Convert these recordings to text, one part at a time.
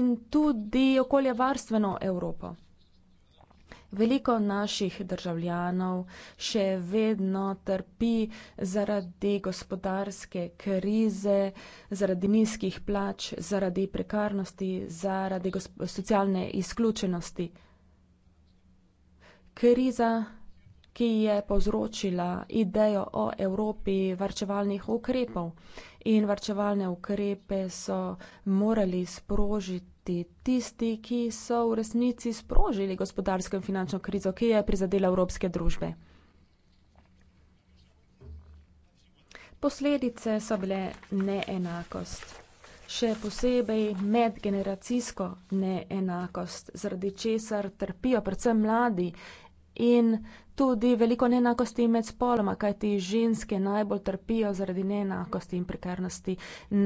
in tudi okoljevarstveno Evropo. Veliko naših državljanov še vedno trpi zaradi gospodarske krize, zaradi nizkih plač, zaradi prekarnosti, zaradi socialne izključenosti. Kriza, ki je povzročila idejo o Evropi varčevalnih ukrepov in varčevalne ukrepe so morali sprožiti te tisti, ki so v resnici sprožili gospodarsko in finančno krizo, ki je prizadela evropske družbe. Posledice so bile neenakost. Še posebej medgeneracijsko neenakost, zaradi česar trpijo predvsem mladi in tudi veliko neenakosti med spoloma, kajti ženske najbolj trpijo zaradi neenakosti in prekarnosti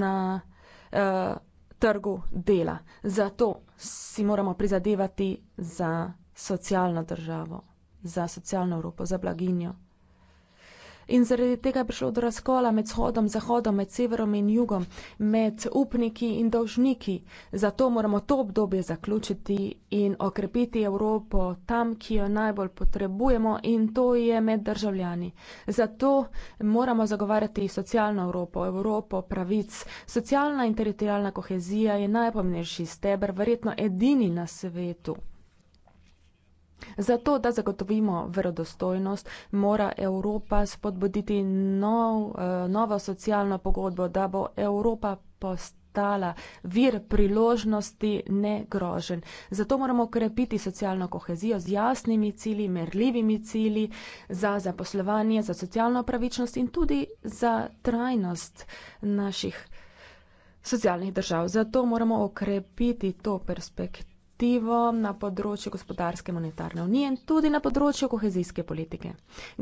na uh, trgu dela. Zato si moramo prizadevati za socialno državo, za socialno Evropo, za blaginjo. In zaradi tega je prišlo do razkola med shodom, zahodom, med severom in jugom, med upniki in dolžniki. Zato moramo to obdobje zaključiti in okrepiti Evropo tam, ki jo najbolj potrebujemo in to je med državljani. Zato moramo zagovarjati socialno Evropo, Evropo pravic. Socialna in teritorijalna kohezija je najpomnejši steber, verjetno edini na svetu. Zato, da zagotovimo verodostojnost, mora Evropa spodbuditi nov, eh, novo socialno pogodbo, da bo Evropa postala vir priložnosti ne grožen. Zato moramo krepiti socialno kohezijo z jasnimi cili, merljivimi cili za zaposlovanje, za socialno pravičnost in tudi za trajnost naših socialnih držav. Zato moramo okrepiti to perspektivo perspektivo na področju gospodarske monetarne unije in tudi na področju kohezijske politike.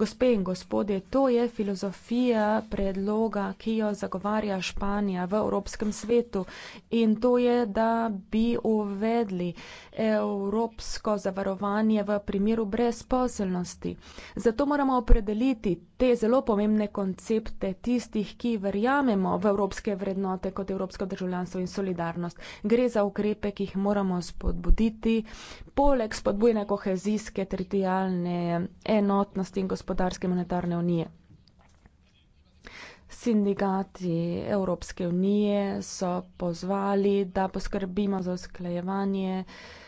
Gospe in gospodje, to je filozofija predloga, ki jo zagovarja Španija v Evropskem svetu in to je, da bi uvedli evropsko zavarovanje v primeru brezposelnosti. Zato moramo opredeliti te zelo pomembne koncepte tistih, ki verjamemo v evropske vrednote kot evropsko državljanstvo in solidarnost. Gre za ukrepe, ki jih moramo spodbujati spodbuditi. Poleg spodbujene kohezijske, teritorijalne enotnosti in gospodarske monetarne unije. Sindikati Evropske unije so pozvali, da poskrbimo za usklajevanje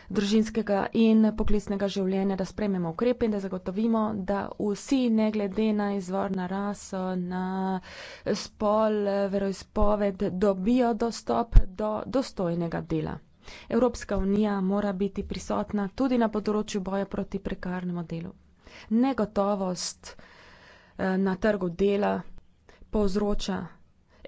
družinskega in poklicnega življenja, da sprememo ukrepe in da zagotovimo, da vsi, ne glede na izvor, na raso, na spol, veroizpoved, dobijo dostop do dostojnega dela. Evropska unija mora biti prisotna tudi na področju boja proti prekarnemu delu. Negotovost eh, na trgu dela povzroča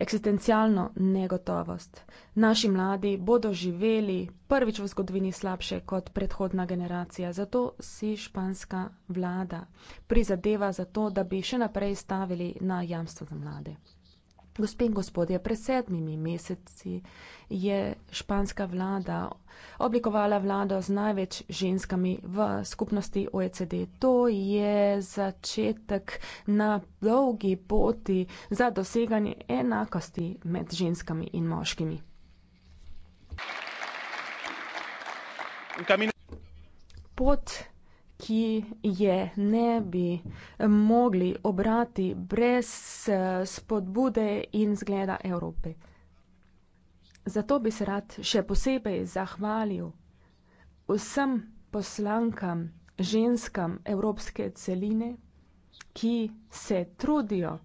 eksistencialno negotovost. Naši mladi bodo živeli prvič v zgodovini slabše kot predhodna generacija. Zato si španska vlada prizadeva za to, da bi še naprej stavili na jamstvo za mlade. Gospe in gospodje, pred sedmimi meseci je španska vlada oblikovala vlado z največ ženskami v skupnosti OECD. To je začetek na dolgi poti za doseganje enakosti med ženskami in moškimi. Pot ki je ne bi mogli obrati brez eh, spodbude in zgleda Evrope. Zato bi se rad še posebej zahvalil vsem poslankam, ženskam Evropske celine, ki se trudijo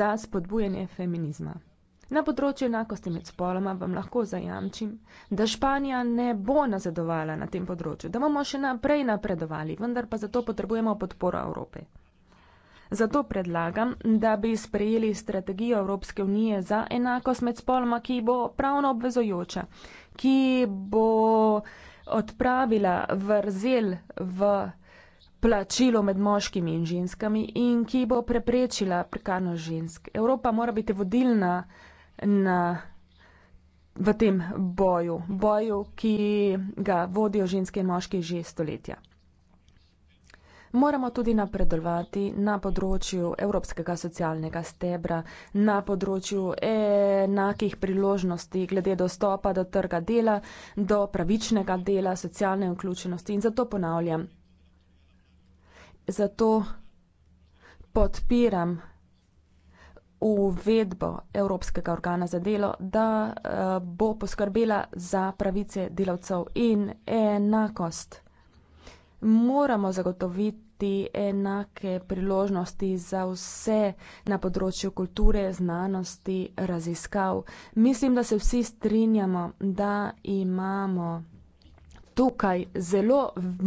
za spodbujanje feminizma. Na področju enakosti med spoloma vam lahko zajamčim, da Španija ne bo nazadovala na tem področju, da bomo še naprej napredovali, vendar pa zato potrebujemo podporo Evrope. Zato predlagam, da bi sprejeli strategijo Evropske unije za enakost med spoloma, ki bo pravno obvezojoča, ki bo odpravila vrzel v plačilo med moškimi in ženskami in ki bo preprečila prekarno žensk. Evropa mora biti vodilna na, v tem boju, boju, ki ga vodijo ženske in moški že stoletja. Moramo tudi napredovati na področju evropskega socialnega stebra, na področju enakih priložnosti glede dostopa do trga dela, do pravičnega dela, socialne vključenosti in zato ponavljam. Zato podpiram uvedbo Evropskega organa za delo, da eh, bo poskrbela za pravice delavcev in enakost. Moramo zagotoviti enake priložnosti za vse na področju kulture, znanosti, raziskav. Mislim, da se vsi strinjamo, da imamo tukaj zelo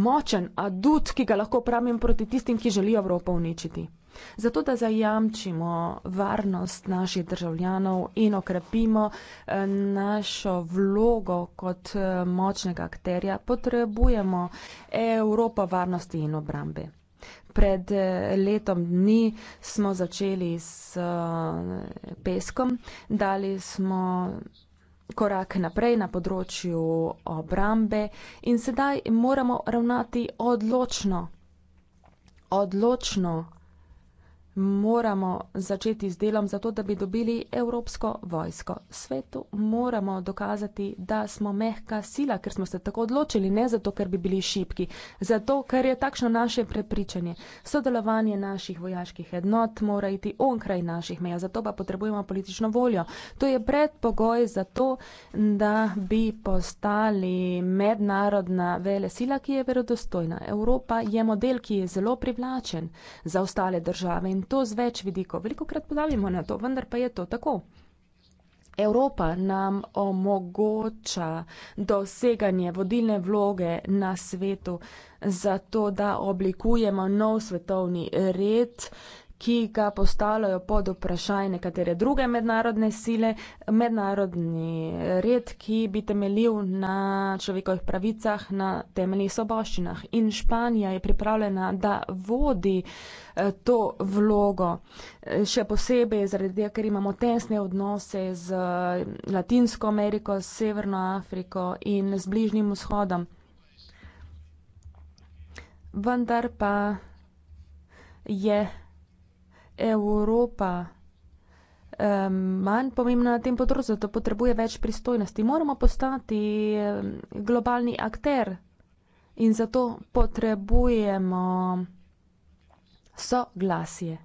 močen adut, ki ga lahko pravim proti tistim, ki želijo Evropo uničiti. Zato, da zajamčimo varnost naših državljanov in okrepimo eh, našo vlogo kot eh, močnega akterja, potrebujemo Evropo varnosti in obrambe. Pred eh, letom dni smo začeli s peskom, dali smo korak naprej na področju obrambe in sedaj moramo ravnati odločno. Odločno moramo začeti z delom zato, da bi dobili evropsko vojsko. Svetu moramo dokazati, da smo mehka sila, ker smo se tako odločili, ne zato, ker bi bili šipki, zato, ker je takšno naše prepričanje. Sodelovanje naših vojaških enot mora iti onkraj naših meja, zato pa potrebujemo politično voljo. To je predpogoj za to, da bi postali mednarodna vele sila, ki je verodostojna. Evropa je model, ki je zelo privlačen za ostale države. In to z več vidikov. Veliko krat pozabimo na to, vendar pa je to tako. Evropa nam omogoča doseganje vodilne vloge na svetu, zato da oblikujemo nov svetovni red, ki ga postavljajo pod vprašaj nekatere druge mednarodne sile, mednarodni red, ki bi temeljil na človekovih pravicah, na temeljih soboščinah. In Španija je pripravljena, da vodi eh, to vlogo, eh, še posebej zaradi tega, ker imamo tesne odnose z eh, Latinsko Ameriko, s Severno Afriko in z Bližnjim vzhodom. Vendar pa je Evropa manj pomembna na tem področju, zato potrebuje več pristojnosti. Moramo postati globalni akter in zato potrebujemo soglasje.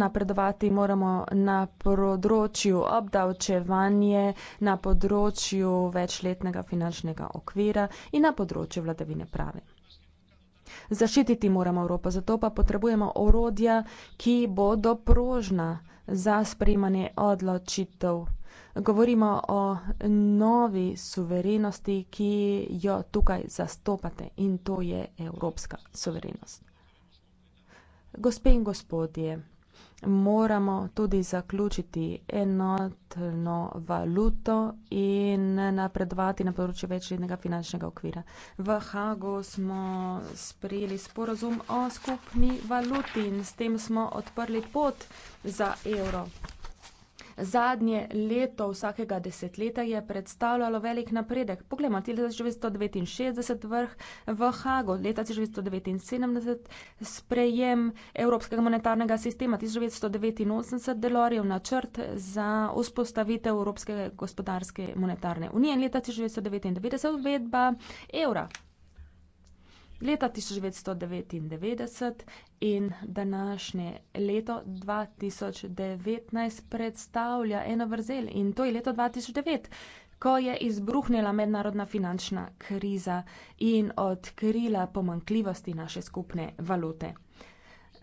Napredovati moramo na področju obdavčevanje, na področju večletnega finančnega okvira in na področju vladavine prave. Zaščititi moramo Evropo, zato pa potrebujemo orodja, ki bodo prožna za sprejmanje odločitev. Govorimo o novi suverenosti, ki jo tukaj zastopate in to je evropska suverenost. Gospe in gospodje, moramo tudi zaključiti enotno valuto in napredovati na področju večletnega finančnega okvira. V Hagu smo sprejeli sporozum o skupni valuti in s tem smo odprli pot za evro zadnje leto vsakega desetleta je predstavljalo velik napredek. Poglejmo, 1969 vrh v Hago, leta 1979 sprejem Evropskega monetarnega sistema, 1989 delorjev načrt za vzpostavitev Evropske gospodarske monetarne unije in leta 1999 uvedba evra leta 1999 in današnje leto 2019 predstavlja eno vrzel in to je leto 2009, ko je izbruhnila mednarodna finančna kriza in odkrila pomankljivosti naše skupne valute.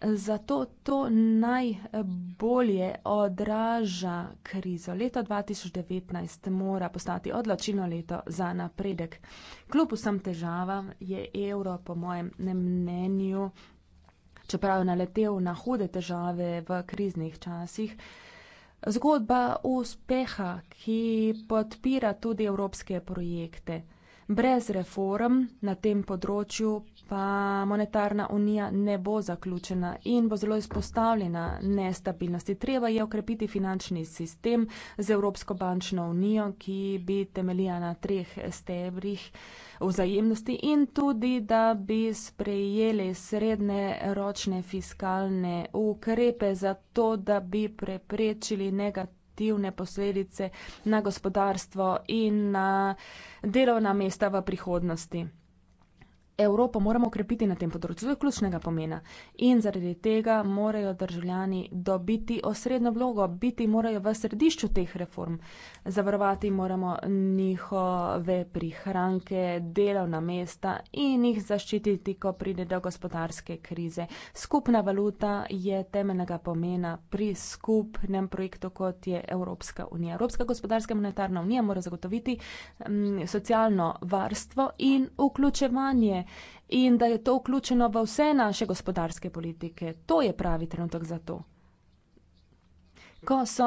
Zato to najbolje odraža krizo. Leto 2019 mora postati odločilno leto za napredek. Kljub vsem težavam je evro, po mojem mnenju, čeprav je naletel na hude težave v kriznih časih, zgodba uspeha, ki podpira tudi evropske projekte. Brez reform na tem področju pa monetarna unija ne bo zaključena in bo zelo izpostavljena nestabilnosti. Treba je okrepiti finančni sistem z Evropsko bančno unijo, ki bi temeljila na treh stebrih vzajemnosti in tudi, da bi sprejeli srednje ročne fiskalne ukrepe za to, da bi preprečili negativne posledice na gospodarstvo in na delovna mesta v prihodnosti. Evropo moramo okrepiti na tem področju, to je ključnega pomena. In zaradi tega morajo državljani dobiti osrednjo vlogo, biti morajo v središču teh reform. Zavarovati moramo njihove prihranke, delovna mesta in jih zaščititi, ko pride do gospodarske krize. Skupna valuta je temeljnega pomena pri skupnem projektu, kot je Evropska unija. Evropska gospodarska monetarna unija mora zagotoviti mm, socialno varstvo in vključevanje in da je to vključeno v vse naše gospodarske politike. To je pravi trenutek za to. Ko so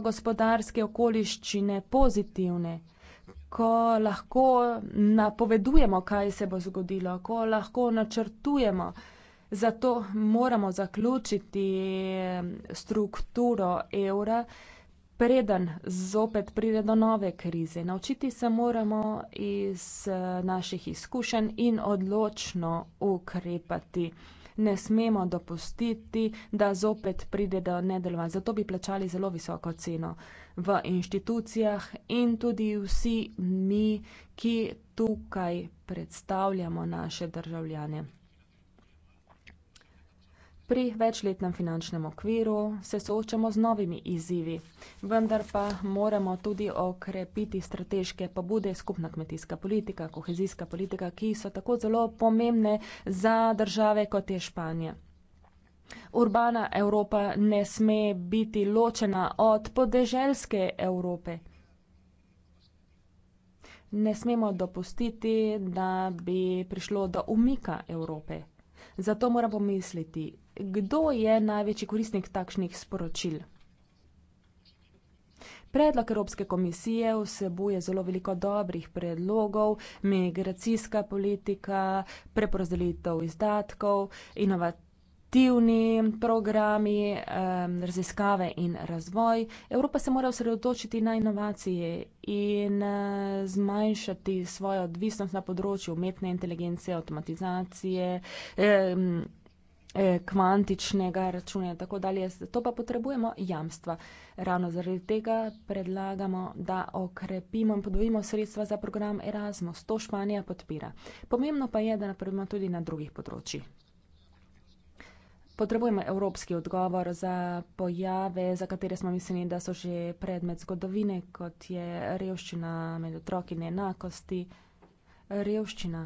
gospodarske okoliščine pozitivne, ko lahko napovedujemo, kaj se bo zgodilo, ko lahko načrtujemo, zato moramo zaključiti eh, strukturo evra preden zopet pride do nove krize. Naučiti se moramo iz eh, naših izkušenj in odločno ukrepati. Ne smemo dopustiti, da zopet pride do nedelovanja. Zato bi plačali zelo visoko ceno v inštitucijah in tudi vsi mi, ki tukaj predstavljamo naše državljane. Pri večletnem finančnem okviru se soočamo z novimi izzivi, vendar pa moramo tudi okrepiti strateške pobude, skupna kmetijska politika, kohezijska politika, ki so tako zelo pomembne za države kot je Španija. Urbana Evropa ne sme biti ločena od podeželske Evrope. Ne smemo dopustiti, da bi prišlo do umika Evrope. Zato moramo misliti Kdo je največji koristnik takšnih sporočil? Predlog Evropske komisije vsebuje zelo veliko dobrih predlogov, migracijska politika, preporazdelitev izdatkov, inovativni programi, raziskave in razvoj. Evropa se mora osredotočiti na inovacije in eh, zmanjšati svojo odvisnost na področju umetne inteligence, avtomatizacije. Eh, Eh, kvantičnega računa in tako dalje. To pa potrebujemo jamstva. Ravno zaradi tega predlagamo, da okrepimo in podvojimo sredstva za program Erasmus. To Španija podpira. Pomembno pa je, da napredujemo tudi na drugih področjih. Potrebujemo evropski odgovor za pojave, za katere smo mislili, da so že predmet zgodovine, kot je revščina med otroki neenakosti. Revščina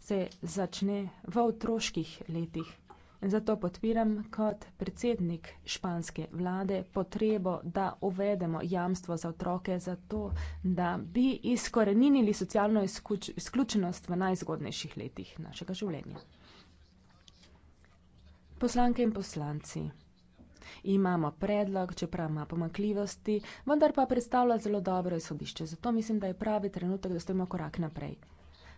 se začne v otroških letih. Zato podpiram kot predsednik španske vlade potrebo, da uvedemo jamstvo za otroke, zato da bi izkorenili socialno izključenost v najzgodnejših letih našega življenja. Poslanke in poslanci. Imamo predlog, čeprav ima pomakljivosti, vendar pa predstavlja zelo dobro izhodišče. Zato mislim, da je pravi trenutek, da stojimo korak naprej.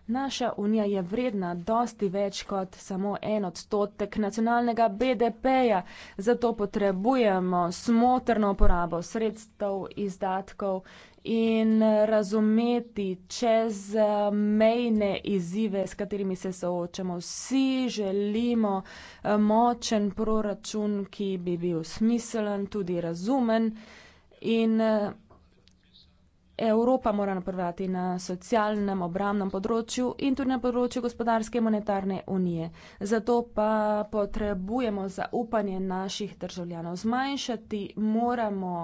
Naša unija je vredna dosti več kot samo en odstotek nacionalnega BDP-ja, zato potrebujemo smotrno porabo sredstev, izdatkov in razumeti čez eh, mejne izzive, s katerimi se soočamo. Vsi želimo eh, močen proračun, ki bi bil smiselen, tudi razumen in eh, Evropa mora napredovati na socialnem, obramnem področju in tudi na področju gospodarske in monetarne unije. Zato pa potrebujemo zaupanje naših državljanov. Zmanjšati moramo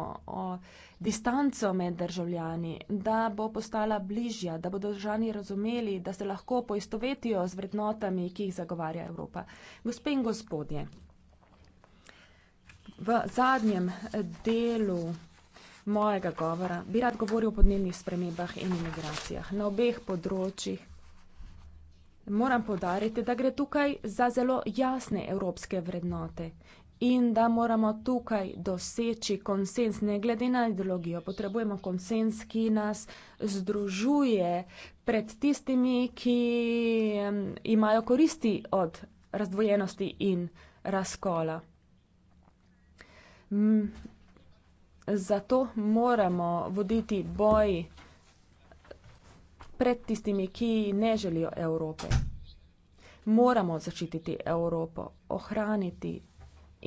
distanco med državljani, da bo postala bližja, da bodo državljani razumeli, da se lahko poistovetijo z vrednotami, ki jih zagovarja Evropa. Gospe in gospodje, v zadnjem delu mojega govora bi rad govoril o podnebnih spremembah in imigracijah. Na obeh področjih moram podariti, da gre tukaj za zelo jasne evropske vrednote in da moramo tukaj doseči konsens, ne glede na ideologijo. Potrebujemo konsens, ki nas združuje pred tistimi, ki imajo koristi od razdvojenosti in razkola zato moramo voditi boj pred tistimi, ki ne želijo Evrope. Moramo zaščititi Evropo, ohraniti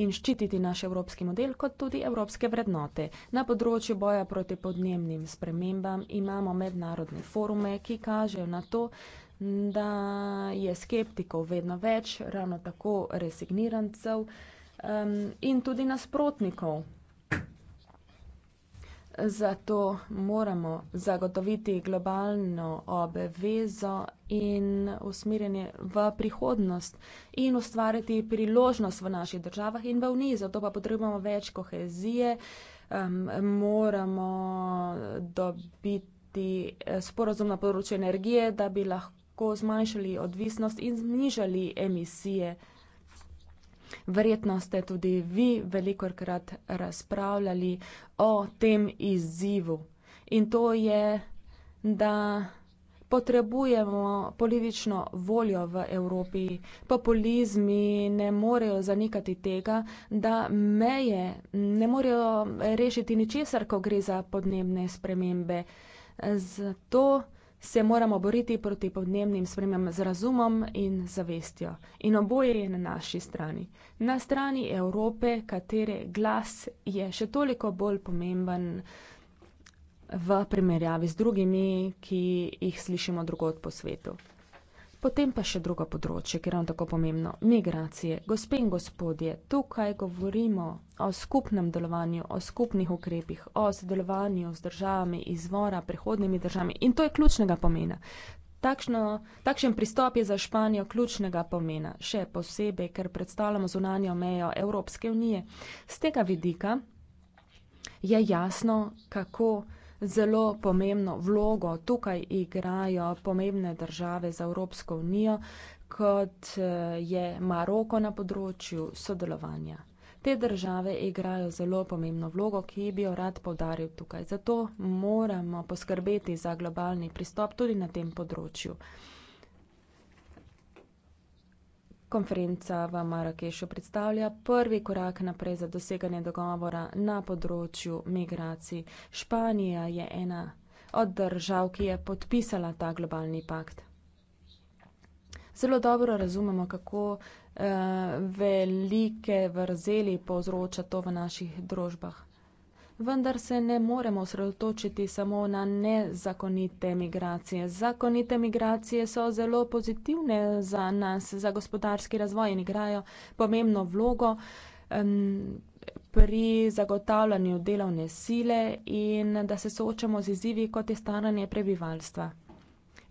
in ščititi naš evropski model, kot tudi evropske vrednote. Na področju boja proti podnebnim spremembam imamo mednarodne forume, ki kažejo na to, da je skeptikov vedno več, ravno tako resignirancev um, in tudi nasprotnikov Zato moramo zagotoviti globalno obvezo in usmerjanje v prihodnost in ustvariti priložnost v naših državah in v Uniji. Zato pa potrebujemo več kohezije, um, moramo dobiti eh, sporozum na področju energije, da bi lahko zmanjšali odvisnost in znižali emisije. Verjetno ste tudi vi velikokrat razpravljali o tem izzivu. In to je, da potrebujemo politično voljo v Evropi. Populizmi ne morejo zanikati tega, da meje ne morejo rešiti ničesar, ko gre za podnebne spremembe. Zato se moramo boriti proti podnebnim spremembam z razumom in zavestjo. In oboje je na naši strani. Na strani Evrope, katere glas je še toliko bolj pomemben v primerjavi z drugimi, ki jih slišimo drugot po svetu. Potem pa še drugo področje, ki je nam tako pomembno, migracije. Gospe in gospodje, tukaj govorimo o skupnem delovanju, o skupnih ukrepih, o sodelovanju z državami izvora, prihodnimi državami in to je ključnega pomena. Takšno, takšen pristop je za Španijo ključnega pomena, še posebej, ker predstavljamo zunanjo mejo Evropske unije. Z tega vidika je jasno, kako zelo pomembno vlogo. Tukaj igrajo pomembne države za Evropsko unijo, kot eh, je Maroko na področju sodelovanja. Te države igrajo zelo pomembno vlogo, ki bi jo rad povdaril tukaj. Zato moramo poskrbeti za globalni pristop tudi na tem področju. Konferenca v Marrakešu predstavlja prvi korak naprej za doseganje dogovora na področju migracij. Španija je ena od držav, ki je podpisala ta globalni pakt. Zelo dobro razumemo, kako uh, velike vrzeli povzroča to v naših družbah vendar se ne moremo sredotočiti samo na nezakonite migracije. Zakonite migracije so zelo pozitivne za nas, za gospodarski razvoj in igrajo pomembno vlogo um, pri zagotavljanju delovne sile in da se soočamo z izzivi, kot je staranje prebivalstva.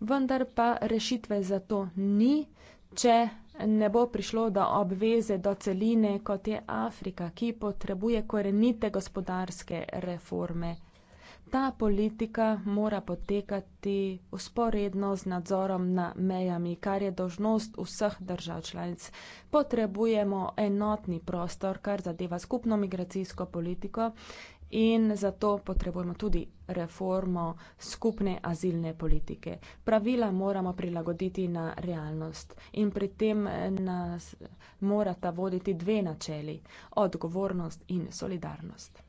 Vendar pa rešitve za to ni, če ne bo prišlo do obveze do celine, kot je Afrika, ki potrebuje korenite gospodarske reforme. Ta politika mora potekati usporedno z nadzorom na mejami, kar je dožnost vseh držav članic. Potrebujemo enotni prostor, kar zadeva skupno migracijsko politiko, In zato potrebujemo tudi reformo skupne azilne politike. Pravila moramo prilagoditi na realnost in pri tem nas morata voditi dve načeli, odgovornost in solidarnost.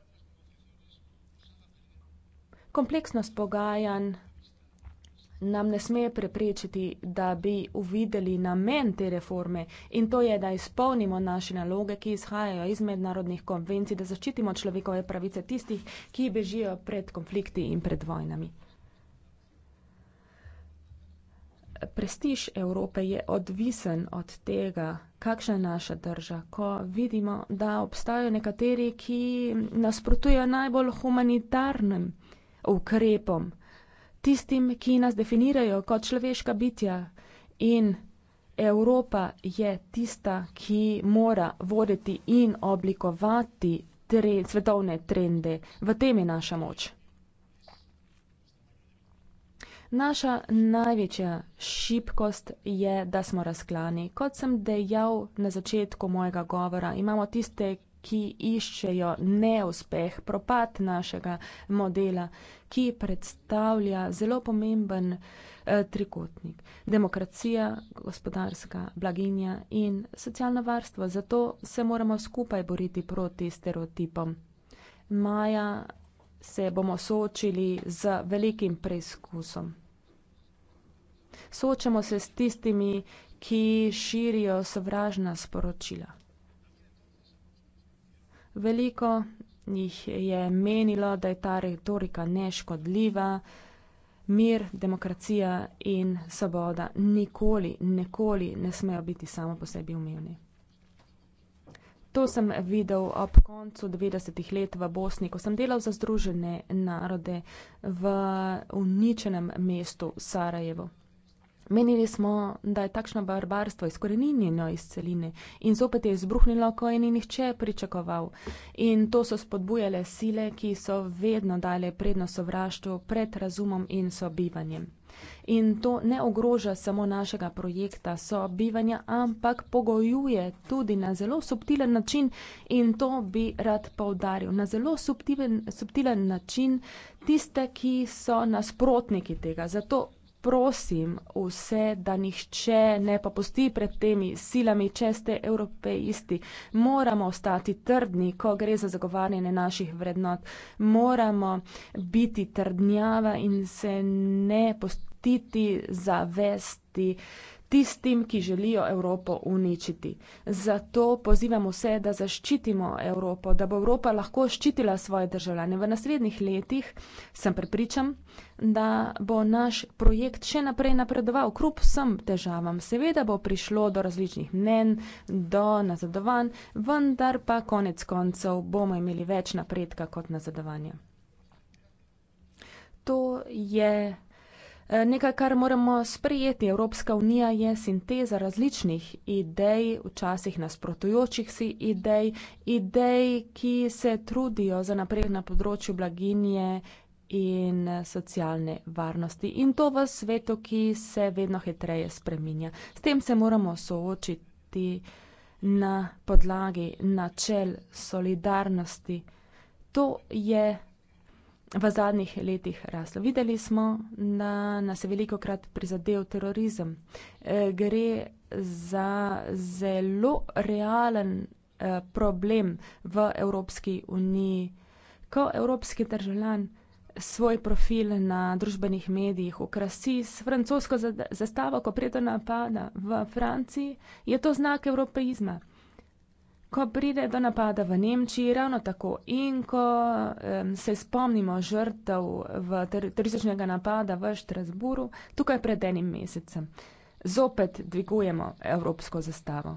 Kompleksnost pogajanj nam ne sme preprečiti, da bi uvideli namen te reforme in to je, da izpolnimo naše naloge, ki izhajajo iz mednarodnih konvencij, da zaščitimo človekove pravice tistih, ki bežijo pred konflikti in pred vojnami. Prestiž Evrope je odvisen od tega, kakšna je naša drža, ko vidimo, da obstajajo nekateri, ki nasprotujejo najbolj humanitarnim ukrepom tistim, ki nas definirajo kot človeška bitja. In Evropa je tista, ki mora voditi in oblikovati tre, svetovne trende. V tem je naša moč. Naša največja šibkost je, da smo razklani. Kot sem dejal na začetku mojega govora, imamo tiste, ki iščejo neuspeh, propad našega modela, ki predstavlja zelo pomemben eh, trikotnik. Demokracija, gospodarska blaginja in socialno varstvo. Zato se moramo skupaj boriti proti stereotipom. Maja se bomo soočili z velikim preizkusom. Soočamo se s tistimi, ki širijo sovražna sporočila veliko jih je menilo, da je ta retorika neškodljiva, mir, demokracija in svoboda nikoli, nikoli ne smejo biti samo po sebi umevni. To sem videl ob koncu 90-ih let v Bosni, ko sem delal za Združene narode v uničenem mestu Sarajevo. Menili smo, da je takšno barbarstvo izkoreninjeno iz celine in zopet je izbruhnilo, ko je ni nihče pričakoval. In to so spodbujale sile, ki so vedno dale prednost sovraštvu pred razumom in sobivanjem. In to ne ogroža samo našega projekta sobivanja, ampak pogojuje tudi na zelo subtilen način in to bi rad povdaril, na zelo subtilen, subtilen način tiste, ki so nasprotniki tega. Zato prosim vse, da nihče ne pa posti pred temi silami, če ste evropejisti. Moramo ostati trdni, ko gre za zagovarjanje naših vrednot. Moramo biti trdnjava in se ne postiti zavesti tistim, ki želijo Evropo uničiti. Zato pozivamo vse, da zaščitimo Evropo, da bo Evropa lahko ščitila svoje državljane. V naslednjih letih sem prepričan, da bo naš projekt še naprej napredoval, kljub vsem težavam. Seveda bo prišlo do različnih mnen, do nazadovanj, vendar pa konec koncev bomo imeli več napredka kot nazadovanja. To je Eh, nekaj, kar moramo sprejeti. Evropska unija je sinteza različnih idej, včasih nasprotujočih si idej, idej, ki se trudijo za napredek na področju blaginje in eh, socialne varnosti. In to v svetu, ki se vedno hitreje spreminja. S tem se moramo soočiti na podlagi načel solidarnosti. To je v zadnjih letih raslo. Videli smo, da nas je veliko krat prizadel terorizem. E, gre za zelo realen e, problem v Evropski uniji, ko evropski državljan svoj profil na družbenih medijih okrasi s francosko zastavo, ko prijeto napada v Franciji, je to znak evropeizma ko pride do napada v Nemčiji, ravno tako in ko um, se spomnimo žrtev v terorističnega napada v Štrasburu, tukaj pred enim mesecem, zopet dvigujemo evropsko zastavo.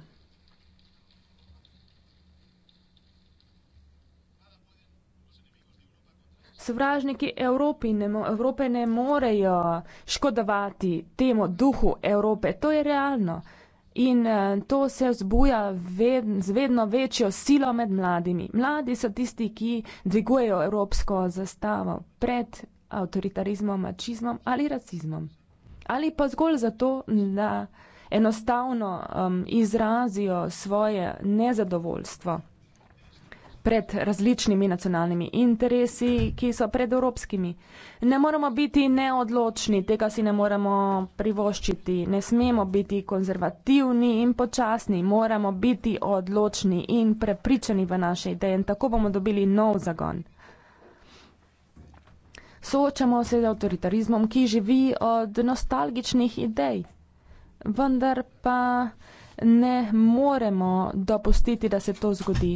Sovražniki Evropi ne, Evrope ne morejo škodovati temu duhu Evrope. To je realno. In eh, to se vzbuja ved, z vedno večjo silo med mladimi. Mladi so tisti, ki dvigujejo evropsko zastavo pred avtoritarizmom, mačizmom ali rasizmom. Ali pa zgolj zato, da enostavno um, izrazijo svoje nezadovoljstvo pred različnimi nacionalnimi interesi, ki so pred evropskimi. Ne moramo biti neodločni, tega si ne moremo privoščiti, ne smemo biti konzervativni in počasni, moramo biti odločni in prepričani v naše ideje in tako bomo dobili nov zagon. Soočamo se z avtoritarizmom, ki živi od nostalgičnih idej, vendar pa ne moremo dopustiti, da se to zgodi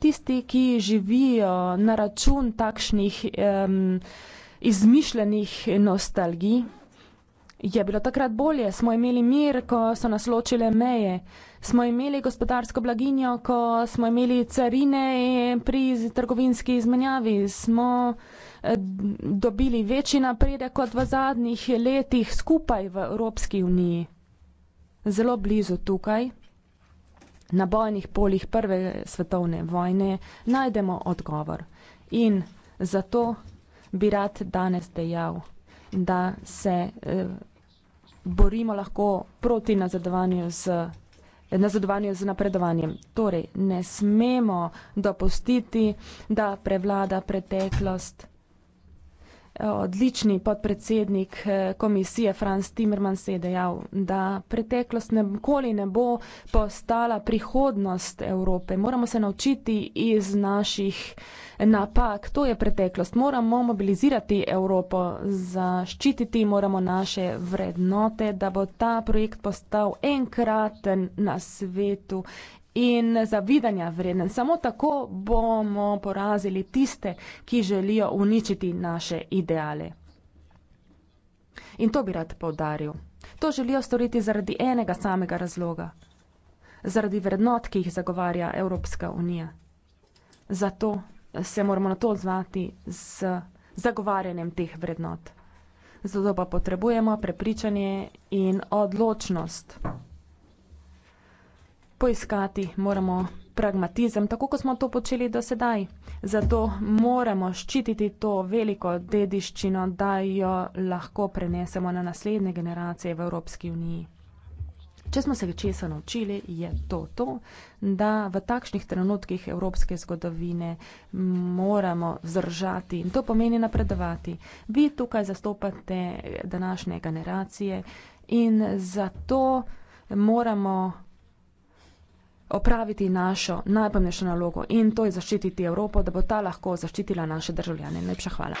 tisti, ki živijo na račun takšnih um, izmišljenih nostalgij. Je bilo takrat bolje, smo imeli mir, ko so nas ločile meje, smo imeli gospodarsko blaginjo, ko smo imeli carine pri trgovinski izmenjavi, smo eh, dobili večji napredek kot v zadnjih letih skupaj v Evropski uniji. Zelo blizu tukaj na bojnih polih Prve svetovne vojne, najdemo odgovor. In zato bi rad danes dejal, da se eh, borimo lahko proti nazadovanju z nazadovanju z napredovanjem. Torej, ne smemo dopustiti, da prevlada preteklost odlični podpredsednik eh, komisije Franz Timmermans je dejal, da preteklost nikoli ne bo postala prihodnost Evrope. Moramo se naučiti iz naših napak. To je preteklost. Moramo mobilizirati Evropo, zaščititi moramo naše vrednote, da bo ta projekt postal enkraten na svetu in zavidanja vreden. Samo tako bomo porazili tiste, ki želijo uničiti naše ideale. In to bi rad povdaril. To želijo storiti zaradi enega samega razloga. Zaradi vrednot, ki jih zagovarja Evropska unija. Zato se moramo na to odzvati z zagovarjanjem teh vrednot. Zato pa potrebujemo prepričanje in odločnost poiskati moramo pragmatizem, tako kot smo to počeli do sedaj. Zato moramo ščititi to veliko dediščino, da jo lahko prenesemo na naslednje generacije v Evropski uniji. Če smo se česa naučili, je to to, da v takšnih trenutkih evropske zgodovine moramo vzdržati in to pomeni napredovati. Vi tukaj zastopate današnje generacije in zato moramo opraviti našo najpomembnejšo nalogo in to je zaščititi Evropo, da bo ta lahko zaščitila naše državljane. Najlepša hvala.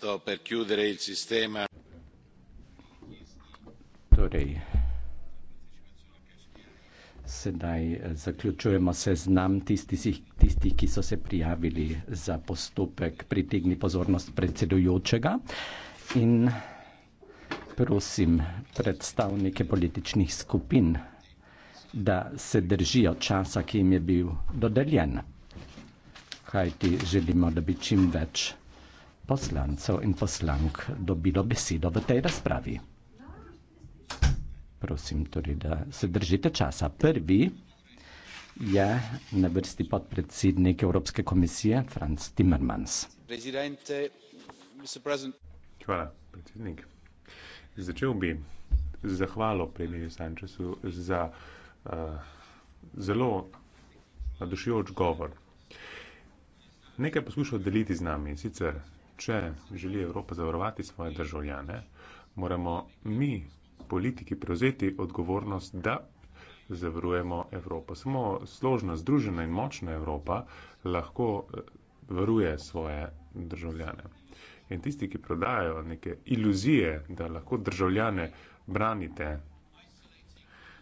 sto per chiudere il sistema torej sedaj eh, zaključujemo seznam tisti si tisti ki so se prijavili za postopek pritegni pozornost predsedujočega in prosim predstavnike političnih skupin da se držijo časa ki jim je bil dodeljen kajti želimo da bi čim več poslancev in poslank dobilo besedo v tej razpravi. Prosim torej, da se držite časa. Prvi je na vrsti podpredsednik Evropske komisije Franz Timmermans. Hvala, predsednik. Začel bi z zahvalo premijeru Sančesu za uh, zelo nadušujoč govor. Nekaj poskušal deliti z nami, sicer če želi Evropa zavarovati svoje državljane, moramo mi, politiki, prevzeti odgovornost, da zavarujemo Evropo. Samo složna, združena in močna Evropa lahko eh, varuje svoje državljane. In tisti, ki prodajajo neke iluzije, da lahko državljane branite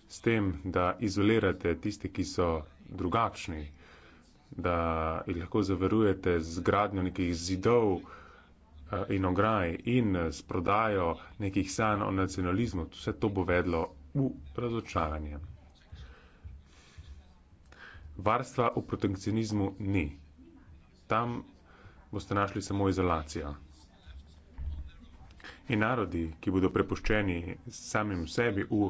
s tem, da izolirate tiste, ki so drugačni, da jih lahko zavarujete z gradnjo nekih zidov, Eh, in ograji in s prodajo nekih sanj o nacionalizmu, vse to bo vedlo v razočaranje. Varstva v protekcionizmu ni. Tam boste našli samo izolacijo. In narodi, ki bodo prepuščeni samim sebi v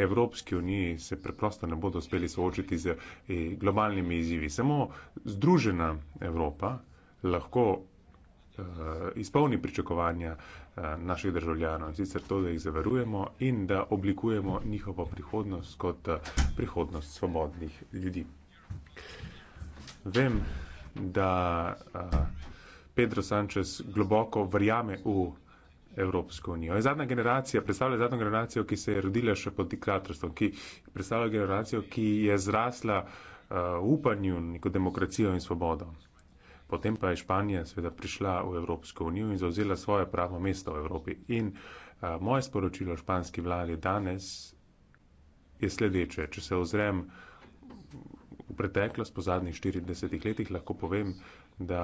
Evropski uniji, se preprosto ne bodo uspeli soočiti z eh, globalnimi izzivi. Samo združena Evropa lahko Eh, izpolni pričakovanja eh, naših državljanov in sicer to, da jih zavarujemo in da oblikujemo njihovo prihodnost kot eh, prihodnost svobodnih ljudi. Vem, da Pedro Sanchez globoko verjame v Evropsko unijo. Je zadnja generacija, predstavlja zadnjo generacijo, ki se je rodila še pod diktatorstvom, ki predstavlja generacijo, ki je zrasla v upanju neko demokracijo in svobodo. Potem pa je Španija seveda prišla v Evropsko unijo in zauzela svoje pravo mesto v Evropi. In a, eh, moje sporočilo španski vladi danes je sledeče. Če se ozrem v preteklost, po zadnjih 40 letih, lahko povem, da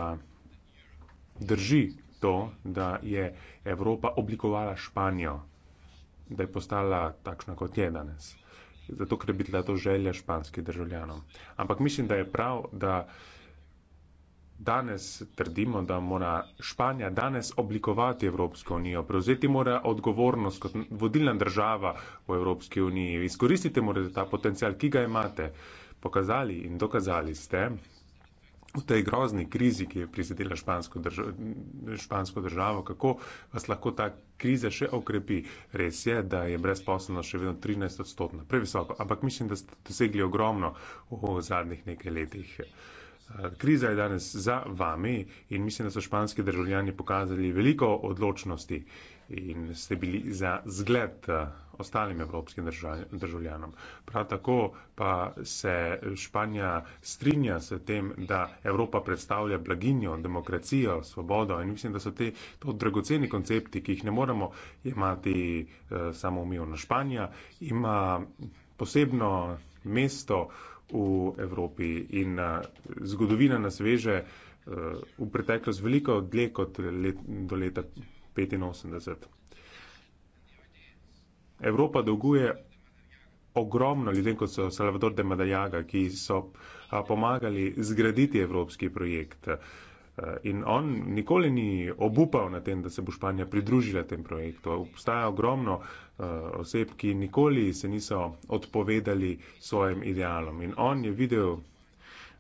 drži to, da je Evropa oblikovala Španijo, da je postala takšna, kot je danes. Zato, ker je bila to želja španskih državljanov. Ampak mislim, da je prav, da. Danes trdimo, da mora Španija danes oblikovati Evropsko unijo, prevzeti mora odgovornost kot vodilna država v Evropski uniji, izkoristiti mora ta potencial, ki ga imate. Pokazali in dokazali ste v tej grozni krizi, ki je prizadela špansko, držav, špansko državo, kako vas lahko ta kriza še okrepi. Res je, da je brezposobnost še vedno 13 odstotna, previsoko, ampak mislim, da ste dosegli ogromno v zadnjih nekaj letih. Eh, kriza je danes za vami in mislim, da so španski državljani pokazali veliko odločnosti in ste bili za zgled eh, ostalim evropskim državljanom. Prav tako pa se Španija strinja s tem, da Evropa predstavlja blaginjo, demokracijo, svobodo in mislim, da so te, to dragoceni koncepti, ki jih ne moramo imati eh, samo umivno. Španija ima posebno mesto, v Evropi. In uh, zgodovina nas veže uh, v preteklost veliko dlje kot let, do leta 85. Evropa dolguje ogromno ljudem, kot so Salvador de Madajaga, ki so uh, pomagali zgraditi evropski projekt. Uh, Eh, in on nikoli ni obupal na tem, da se bo Španija pridružila tem projektu. Obstaja ogromno eh, oseb, ki nikoli se niso odpovedali svojim idealom. In on je videl.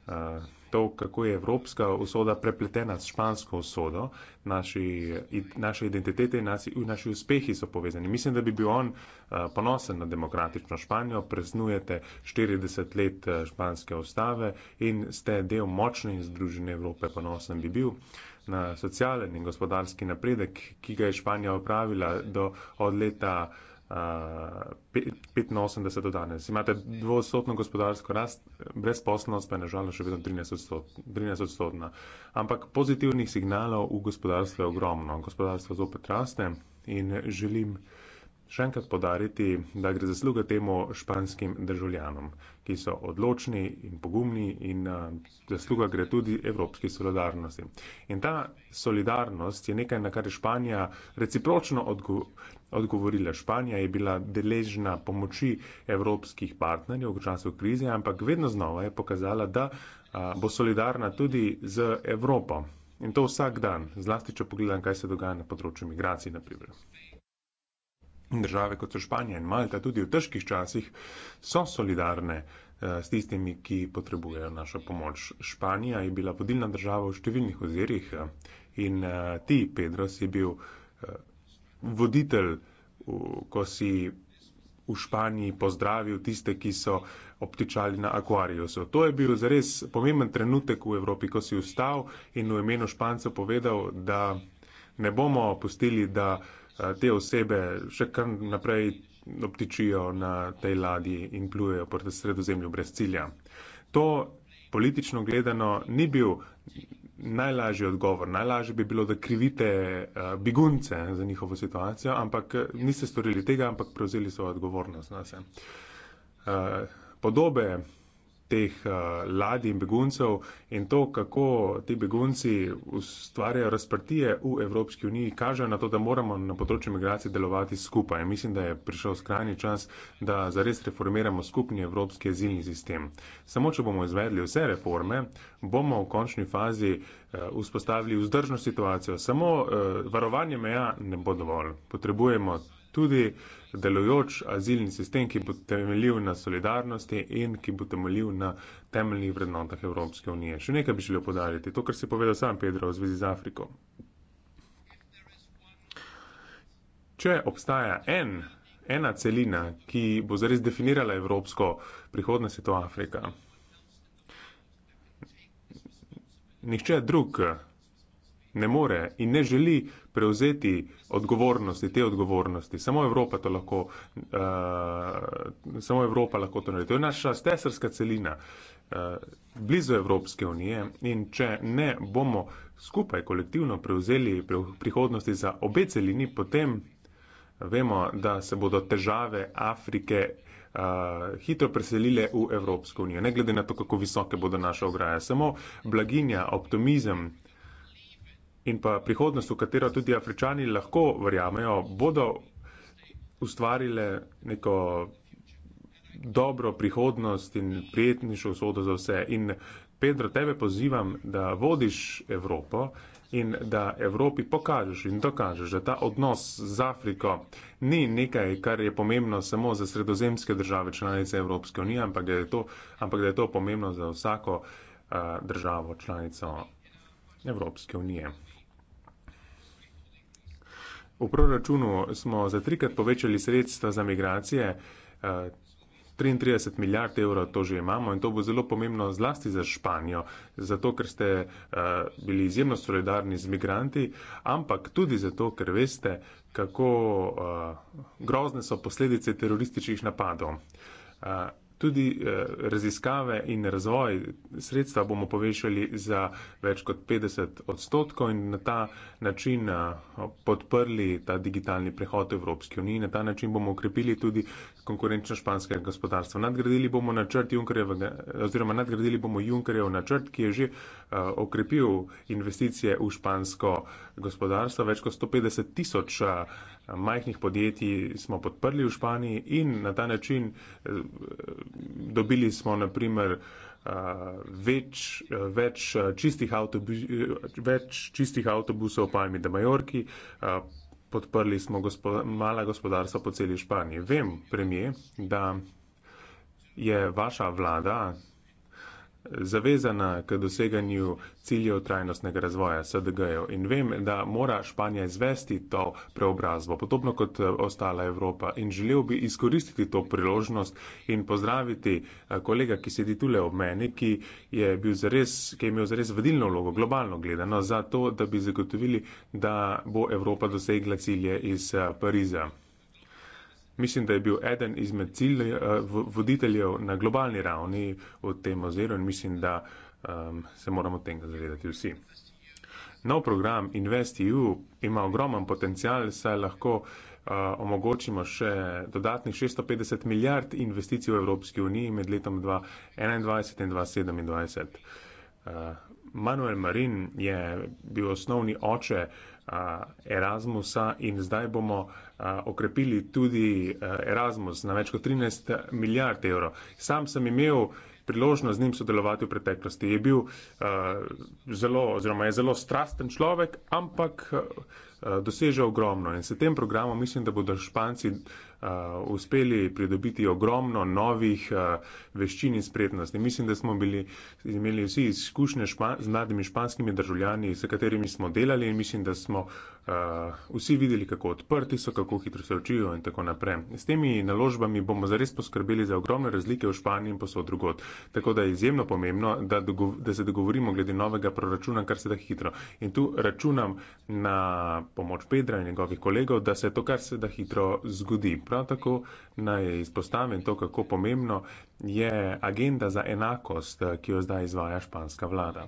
Eh, to, kako je evropska usoda prepletena s špansko usodo, naši, naše identitete in nasi, naši uspehi so povezani. Mislim, da bi bil on eh, ponosen na demokratično Španijo, preznujete 40 let eh, španske ustave in ste del močne in združene Evrope, ponosen bi bil na socialen in gospodarski napredek, ki ga je Španija opravila do, od leta 85 eh, do danes. Imate dvosotno gospodarsko rast, brezposlenost pa je nažalost še vedno 13 odstotna. Ampak pozitivnih signalov v gospodarstvu je ogromno. Gospodarstvo zopet raste in želim še enkrat podariti, da gre zasluga temu španskim državljanom, ki so odločni in pogumni in eh, zasluga gre tudi evropski solidarnosti. In ta solidarnost je nekaj, na kar je Španija recipročno odgovorila odgovorila. Španija je bila deležna pomoči evropskih partnerjev v času krize, ampak vedno znova je pokazala, da a, bo solidarna tudi z Evropo. In to vsak dan, zlasti če pogledam, kaj se dogaja na področju migracij, naprimer. Države kot so Španija in Malta tudi v težkih časih so solidarne s tistimi, ki potrebujejo našo pomoč. Španija je bila vodilna država v številnih ozirih in ti, Pedro, si bil voditelj, ko si v Španiji pozdravil tiste, ki so obtičali na Aquariusu. To je bil zares pomemben trenutek v Evropi, ko si vstal in v imenu Špancev povedal, da ne bomo pustili, da eh, te osebe še kar naprej obtičijo na tej ladji in plujejo proti sredozemlju brez cilja. To politično gledano ni bil najlažji odgovor. Najlažje bi bilo, da krivite uh, begunce za njihovo situacijo, ampak eh, niste storili tega, ampak prevzeli so odgovornost na sebe. Uh, podobe teh uh, ladij in beguncev in to, kako ti begunci ustvarjajo razprtije v Evropski uniji, kaže na to, da moramo na področju migracije delovati skupaj. Mislim, da je prišel skrajni čas, da zares reformiramo skupni evropski azilni sistem. Samo, če bomo izvedli vse reforme, bomo v končni fazi uh, vzpostavili vzdržno situacijo. Samo uh, varovanje meja ne bo dovolj. Potrebujemo tudi delujoč azilni sistem, ki bo temeljil na solidarnosti in ki bo temeljil na temeljnih vrednotah Evropske unije. Še nekaj bi želel podariti, to, kar si povedal sam Pedro v zvezi z Afriko. Če obstaja en, ena celina, ki bo zares definirala evropsko prihodnost, je to Afrika. Nihče drug ne more in ne želi prevzeti odgovornosti, te odgovornosti. Samo Evropa to lahko, uh, samo Evropa lahko to naredi. To je naša steserska celina uh, blizu Evropske unije in če ne bomo skupaj kolektivno prevzeli prihodnosti za obe celini, potem vemo, da se bodo težave Afrike. Uh, hitro preselile v Evropsko unijo, ne glede na to, kako visoke bodo naše ograje. Samo blaginja, optimizem, uh, in pa prihodnost, v katero tudi afričani lahko verjamejo, bodo ustvarile neko dobro prihodnost in prijetnišo usodo za vse. In Pedro, tebe pozivam, da vodiš Evropo in da Evropi pokažeš in dokažeš, da ta odnos z Afriko ni nekaj, kar je pomembno samo za sredozemske države članice Evropske unije, ampak da je to, ampak da je to pomembno za vsako uh, državo članico Evropske unije. V proračunu smo za trikrat povečali sredstva za migracije. 33 eh, milijard evrov to že imamo in to bo zelo pomembno zlasti za Španijo, zato ker ste uh, bili izjemno solidarni z migranti, ampak tudi zato, ker veste, kako uh, grozne so posledice terorističnih napadov. Uh, Tudi eh, raziskave in razvoj sredstva bomo povešali za več kot 50 odstotkov in na ta način eh, podprli ta digitalni prehod v Evropski uniji. Na ta način bomo ukrepili tudi konkurenčno španskega gospodarstva. Nadgradili bomo načrt Junkerjevega, oziroma nadgradili bomo Junkerjev načrt, ki je že uh, okrepil investicije v špansko gospodarstvo. Več kot 150 tisoč uh, majhnih podjetij smo podprli v Španiji in na ta način uh, dobili smo naprimer uh, več, uh, več, uh, čistih uh, več čistih avtobusov v Palmi de Majorki. Uh, podprli smo gospod mala gospodarstva po celi Španiji. Vem, premije, da je vaša vlada zavezana k doseganju ciljev trajnostnega razvoja SDG-jev in vem, da mora Španija izvesti to preobrazbo, podobno kot eh, ostala Evropa in želel bi izkoristiti to priložnost in pozdraviti eh, kolega, ki sedi tule ob meni, ki je, bil zares, ki je imel zares vodilno vlogo globalno gledano za to, da bi zagotovili, da bo Evropa dosegla cilje iz eh, Pariza mislim, da je bil eden izmed ciljev eh, voditeljev na globalni ravni v tem oziru in mislim, da um, se moramo tega zavedati vsi. Nov program InvestEU ima ogromen potencial, saj lahko uh, omogočimo še dodatnih 650 milijard investicij v Evropski uniji med letom 2021 in 2027. Eh, Manuel Marin je bil osnovni oče Erasmusa in zdaj bomo okrepili tudi Erasmus na več kot 13 milijard evrov. Sam sem imel priložnost z njim sodelovati v preteklosti. Je bil uh, zelo, oziroma je zelo strasten človek, ampak uh, Eh, doseže ogromno in s tem programom mislim, da bodo španci uh, uspeli pridobiti ogromno novih uh, veščin in spretnosti. Mislim, da smo bili, imeli vsi izkušnje špan, z mladimi španskimi državljani, s katerimi smo delali in mislim, da smo uh, vsi videli, kako odprti so, kako hitro se učijo in tako naprej. S temi naložbami bomo zares poskrbeli za ogromne razlike v Španiji in posod drugod. Tako da je izjemno pomembno, da, dogo, da se dogovorimo glede novega proračuna, kar se da hitro. In tu računam na pomoč Pedra in njegovih kolegov, da se to kar se da hitro zgodi. Prav tako naj izpostavim to, kako pomembno je agenda za enakost, ki jo zdaj izvaja španska vlada.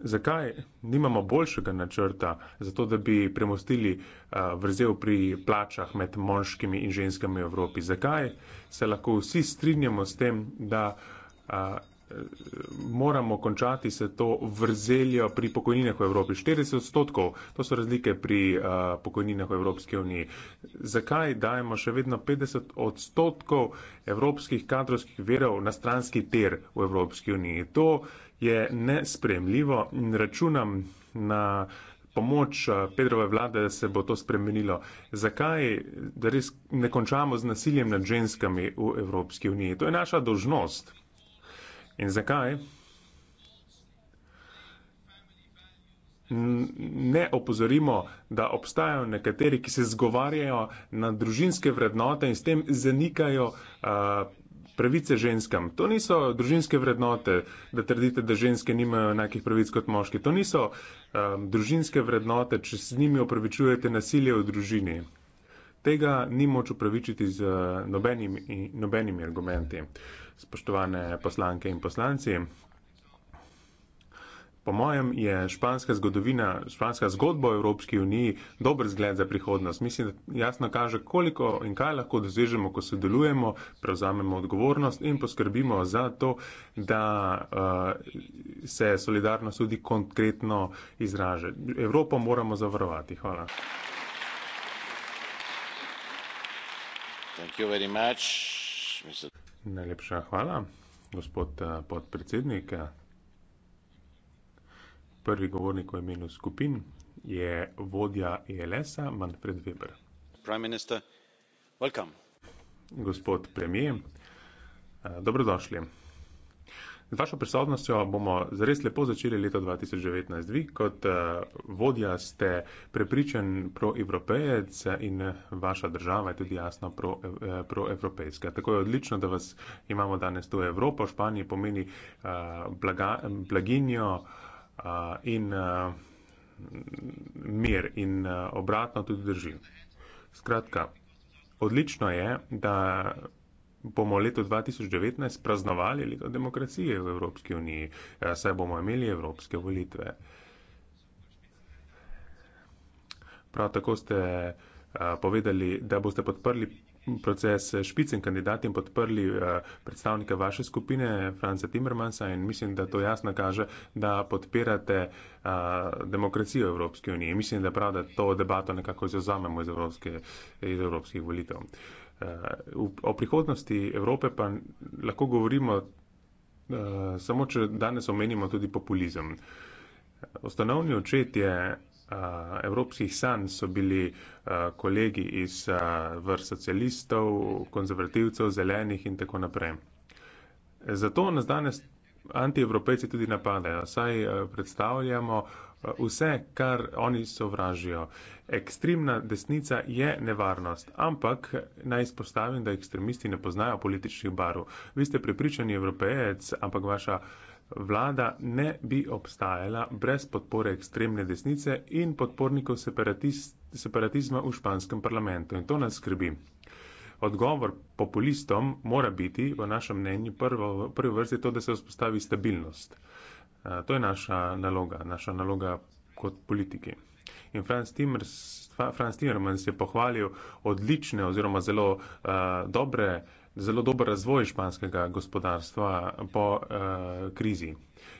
Zakaj nimamo boljšega načrta za to, da bi premostili vrzel pri plačah med moškimi in ženskami v Evropi? Zakaj se lahko vsi strinjamo s tem, da moramo končati se to vrzeljo pri pokojninah v Evropi. 40 odstotkov, to so razlike pri uh, pokojninah v Evropski uniji. Zakaj dajemo še vedno 50 odstotkov evropskih kadrovskih verov na stranski ter v Evropski uniji? To je nespremljivo in računam na pomoč eh, Pedrove vlade, da se bo to spremenilo. Zakaj, da res ne končamo z nasiljem nad ženskami v Evropski uniji? To je naša dožnost. In zakaj? Ne opozorimo, da obstajajo nekateri, ki se zgovarjajo na družinske vrednote in s tem zanikajo uh, pravice ženskam. To niso družinske vrednote, da trdite, da ženske nimajo enakih pravic kot moški. To niso um, družinske vrednote, če s njimi opravičujete nasilje v družini. Tega ni moč upravičiti z uh, nobenimi, nobenimi argumenti. Uh, spoštovane poslanke in poslanci. Po mojem je španska zgodovina, španska zgodba o Evropski uniji dober zgled za prihodnost. Mislim, da jasno kaže, koliko in kaj lahko dosežemo, ko sodelujemo, prevzamemo odgovornost in poskrbimo za to, da uh, se solidarnost tudi konkretno izraže. Evropo moramo zavarovati. Hvala. Thank you very much. Mr. Najlepša hvala, gospod eh, podpredsednik. Prvi govornik v imenu skupin je vodja ELS-a Manfred Weber. Minister, gospod premijer, eh, dobrodošli. Z vašo prisotnostjo bomo zares lepo začeli leto 2019. Vi kot uh, vodja ste prepričan proevropejec in vaša država je tudi jasno pro, uh, proevropejska. Tako je odlično, da vas imamo danes tu Evropo. V Španiji pomeni uh, blaga, blaginjo uh, in uh, mir in uh, obratno tudi drži. Skratka, odlično je, da bomo leto 2019 praznovali leto demokracije v Evropski uniji, eh, saj bomo imeli evropske volitve. Prav tako ste eh, povedali, da boste podprli proces eh, špicen kandidat in podprli predstavnike vaše skupine, Franca Timmermansa, in mislim, da to jasno kaže, da podpirate demokracijo v Evropski uniji. Mislim, da prav, da to debato nekako zazamemo iz, evropske, iz evropskih volitev. Eh, o prihodnosti Evrope pa lahko govorimo eh, samo, če danes omenimo tudi populizem. Ostanovni očetje eh, evropskih sanj so bili kolegi iz vrst socialistov, konzervativcev, zelenih in tako naprej. Zato nas danes antievropejci tudi napadajo. Saj predstavljamo vse, kar oni sovražijo. Ekstremna desnica je nevarnost, ampak naj izpostavim, da ekstremisti ne poznajo političnih barv. Vi ste prepričani evropejec, ampak vaša vlada ne bi obstajala brez podpore ekstremne desnice in podpornikov separatiz separatizma v španskem parlamentu. In to nas skrbi. Odgovor populistom mora biti, po našem mnenju, prvo, prvo vrsti to, da se vzpostavi stabilnost. Eh, to je naša naloga, naša naloga kot politiki. In Franz, Timmers, Franz Timmermans je pohvalil odlične oziroma zelo uh, dobre. Zelo dober razvoj španskega gospodarstva po uh, krizi.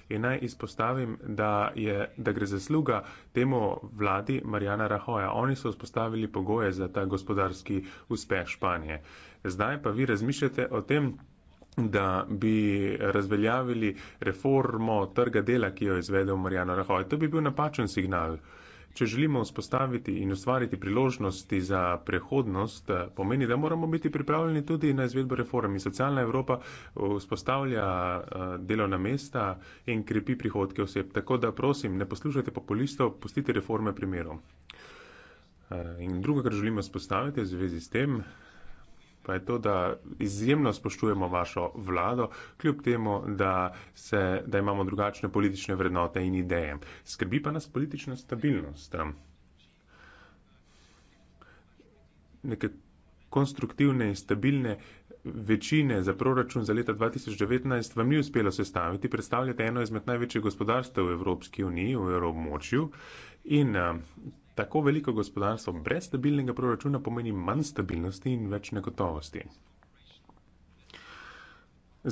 In naj izpostavim, da, je, da gre zasluga temu vladi Marijana Rahoja. Oni so vzpostavili pogoje za ta gospodarski uspeh Španije. Zdaj pa vi razmišljate o tem, da bi razveljavili reformo trga dela, ki jo je izvedel Marijano Rahoj. To bi bil napačen signal. Če želimo vzpostaviti in ustvariti priložnosti za prihodnost, eh, pomeni, da moramo biti pripravljeni tudi na izvedbo reform. Socialna Evropa eh, vzpostavlja eh, delovna mesta in krepi prihodke oseb. Tako da prosim, ne poslušajte populistov, pustite reforme primerom. In drugo, kar želimo spostaviti v zvezi s tem, pa je to, da izjemno spoštujemo vašo vlado, kljub temu, da, se, da imamo drugačne politične vrednote in ideje. Skrbi pa nas politična stabilnost. Neke konstruktivne in stabilne večine za proračun za leta 2019 vam ni uspelo sestaviti. Predstavljate eno izmed največjih gospodarstv v Evropski uniji, v evrobmočju. In Tako veliko gospodarstvo brez stabilnega proračuna pomeni manj stabilnosti in več negotovosti.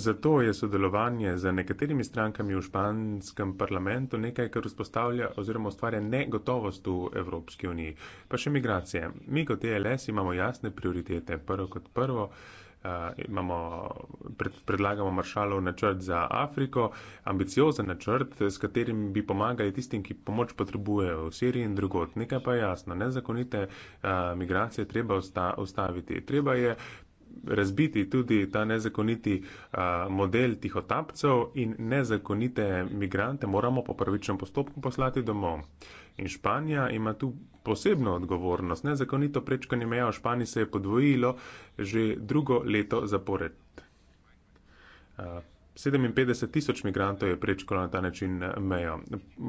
Zato je sodelovanje z nekaterimi strankami v španskem parlamentu nekaj, kar vzpostavlja oziroma ustvarja negotovost v Evropski uniji. Pa še migracije. Mi kot TLS e imamo jasne prioritete. Prvo kot prvo, Eh, imamo, pred, predlagamo maršalov načrt za Afriko, ambiciozen načrt, s katerim bi pomagali tistim, ki pomoč potrebujejo v Siriji in drugot. Nekaj pa je jasno, nezakonite a, eh, migracije treba osta, ustaviti. Treba je razbiti tudi ta nezakoniti model tihotapcev in nezakonite migrante moramo po prvičnem postopku poslati domov. In Španija ima tu posebno odgovornost. Nezakonito prečkanje meja v Španiji se je podvojilo že drugo leto zapored. 57 tisoč migrantov je prečkalo na ta način mejo.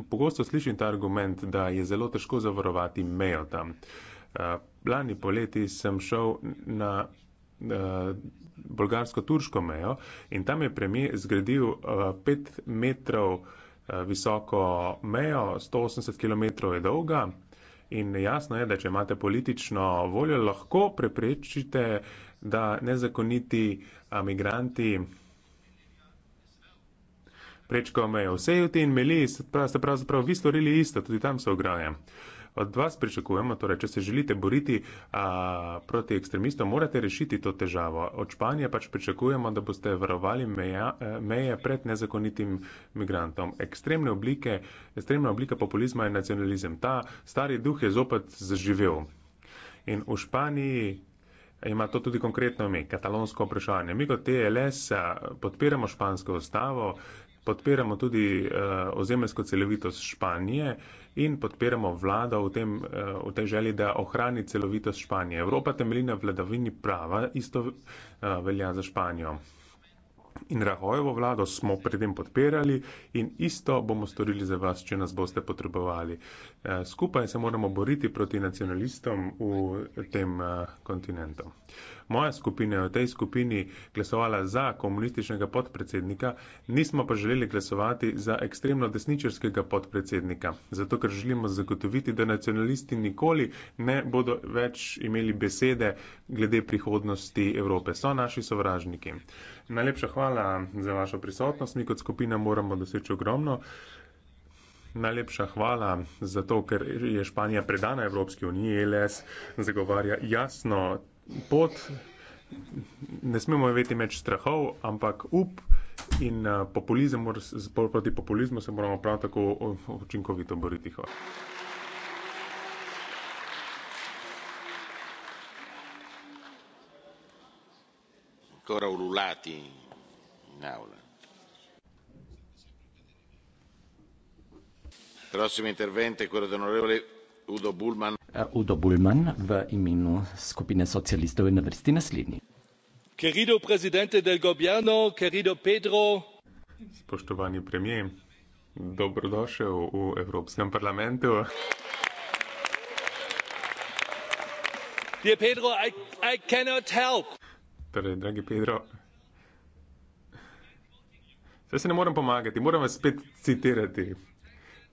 Pogosto slišim ta argument, da je zelo težko zavarovati mejo tam. Lani poleti sem šel na Eh, bolgarsko-turško mejo in tam je premijer zgradil eh, pet metrov eh, visoko mejo, 180 km je dolga in jasno je, da če imate politično voljo, lahko preprečite, da nezakoniti migranti prečkajo mejo. Vse je v tem meli, pravzaprav prav, prav, vi storili isto, tudi tam so ograje od vas pričakujemo, torej, če se želite boriti a, proti ekstremistom, morate rešiti to težavo. Od Španije pač pričakujemo, da boste varovali meja, e, meje pred nezakonitim migrantom. Ekstremne oblike, ekstremna oblika populizma je nacionalizem. Ta stari duh je zopet zaživel. In v Španiji e, ima to tudi konkretno ime, katalonsko vprašanje. Mi kot TLS podpiramo špansko ustavo, podpiramo tudi uh, eh, ozemelsko celovitost Španije in podpiramo vlado v, tem, uh, v tej želji, da ohrani celovitost Španije. Evropa temelji na vladavini prava, isto uh, velja za Španijo in Rahojevo vlado smo predtem podpirali in isto bomo storili za vas, če nas boste potrebovali. Eh, skupaj se moramo boriti proti nacionalistom v tem eh, kontinentu. Moja skupina je v tej skupini glasovala za komunističnega podpredsednika, nismo pa želeli glasovati za ekstremno desničarskega podpredsednika, zato ker želimo zagotoviti, da nacionalisti nikoli ne bodo več imeli besede glede prihodnosti Evrope. So naši sovražniki. Najlepša hvala za vašo prisotnost. Mi kot skupina moramo doseči ogromno. Najlepša hvala za to, ker je Španija predana Evropski uniji, e LS zagovarja jasno pot. Ne smemo imeti več strahov, ampak up in eh, populizem, proti populizmu se moramo prav tako učinkovito boriti. Hvala. ancora ululati in aula. il prossimo intervento è quello dell'onorevole udo bullman. Eh, udo bullman va in meno scopina socialista in avresti naslini. Querido presidente del gobierno, querido Pedro. Spoštovani premijer, dobrodošel v Evropskem parlamentu. Dear Pedro, I, I cannot help. Torej, dragi Pedro, zdaj se ne morem pomagati, moram vas spet citirati.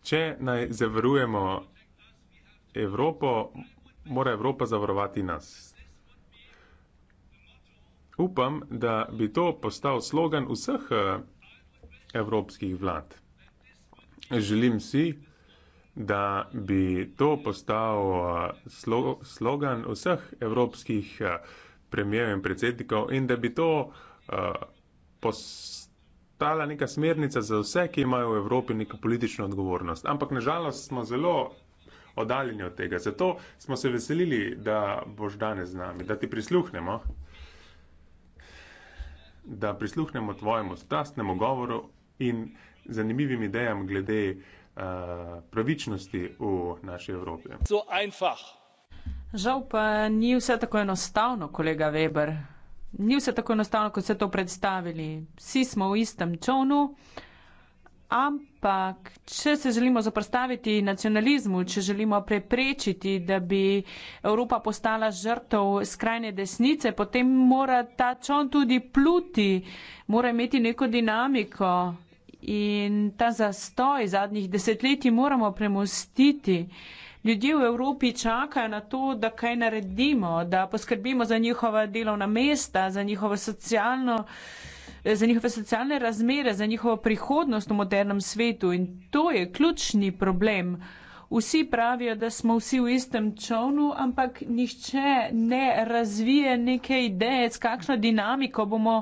Če naj zavarujemo Evropo, mora Evropa zavarovati nas. Upam, da bi to postal slogan vseh eh, evropskih vlad. Želim si, da bi to postal eh, slogan vseh evropskih vlad. Eh, premijev in predsednikov in da bi to uh, postala neka smernica za vse, ki imajo v Evropi neko politično odgovornost. Ampak nažalost smo zelo odaljeni od tega. Zato smo se veselili, da boš danes z nami, da ti prisluhnemo, da prisluhnemo tvojemu strastnemu govoru in zanimivim idejam glede uh, pravičnosti v naši Evropi. So enfah. Žal pa ni vse tako enostavno, kolega Weber. Ni vse tako enostavno, kot ste to predstavili. Vsi smo v istem čovnu, ampak če se želimo zaprstaviti nacionalizmu, če želimo preprečiti, da bi Evropa postala žrtov skrajne desnice, potem mora ta čovn tudi pluti, mora imeti neko dinamiko in ta zastoj zadnjih desetletij moramo premustiti ljudje v Evropi čakajo na to, da kaj naredimo, da poskrbimo za njihova delovna mesta, za njihovo socialno za njihove socialne razmere, za njihovo prihodnost v modernem svetu in to je ključni problem. Vsi pravijo, da smo vsi v istem čovnu, ampak nišče ne razvije neke ideje, s kakšno dinamiko bomo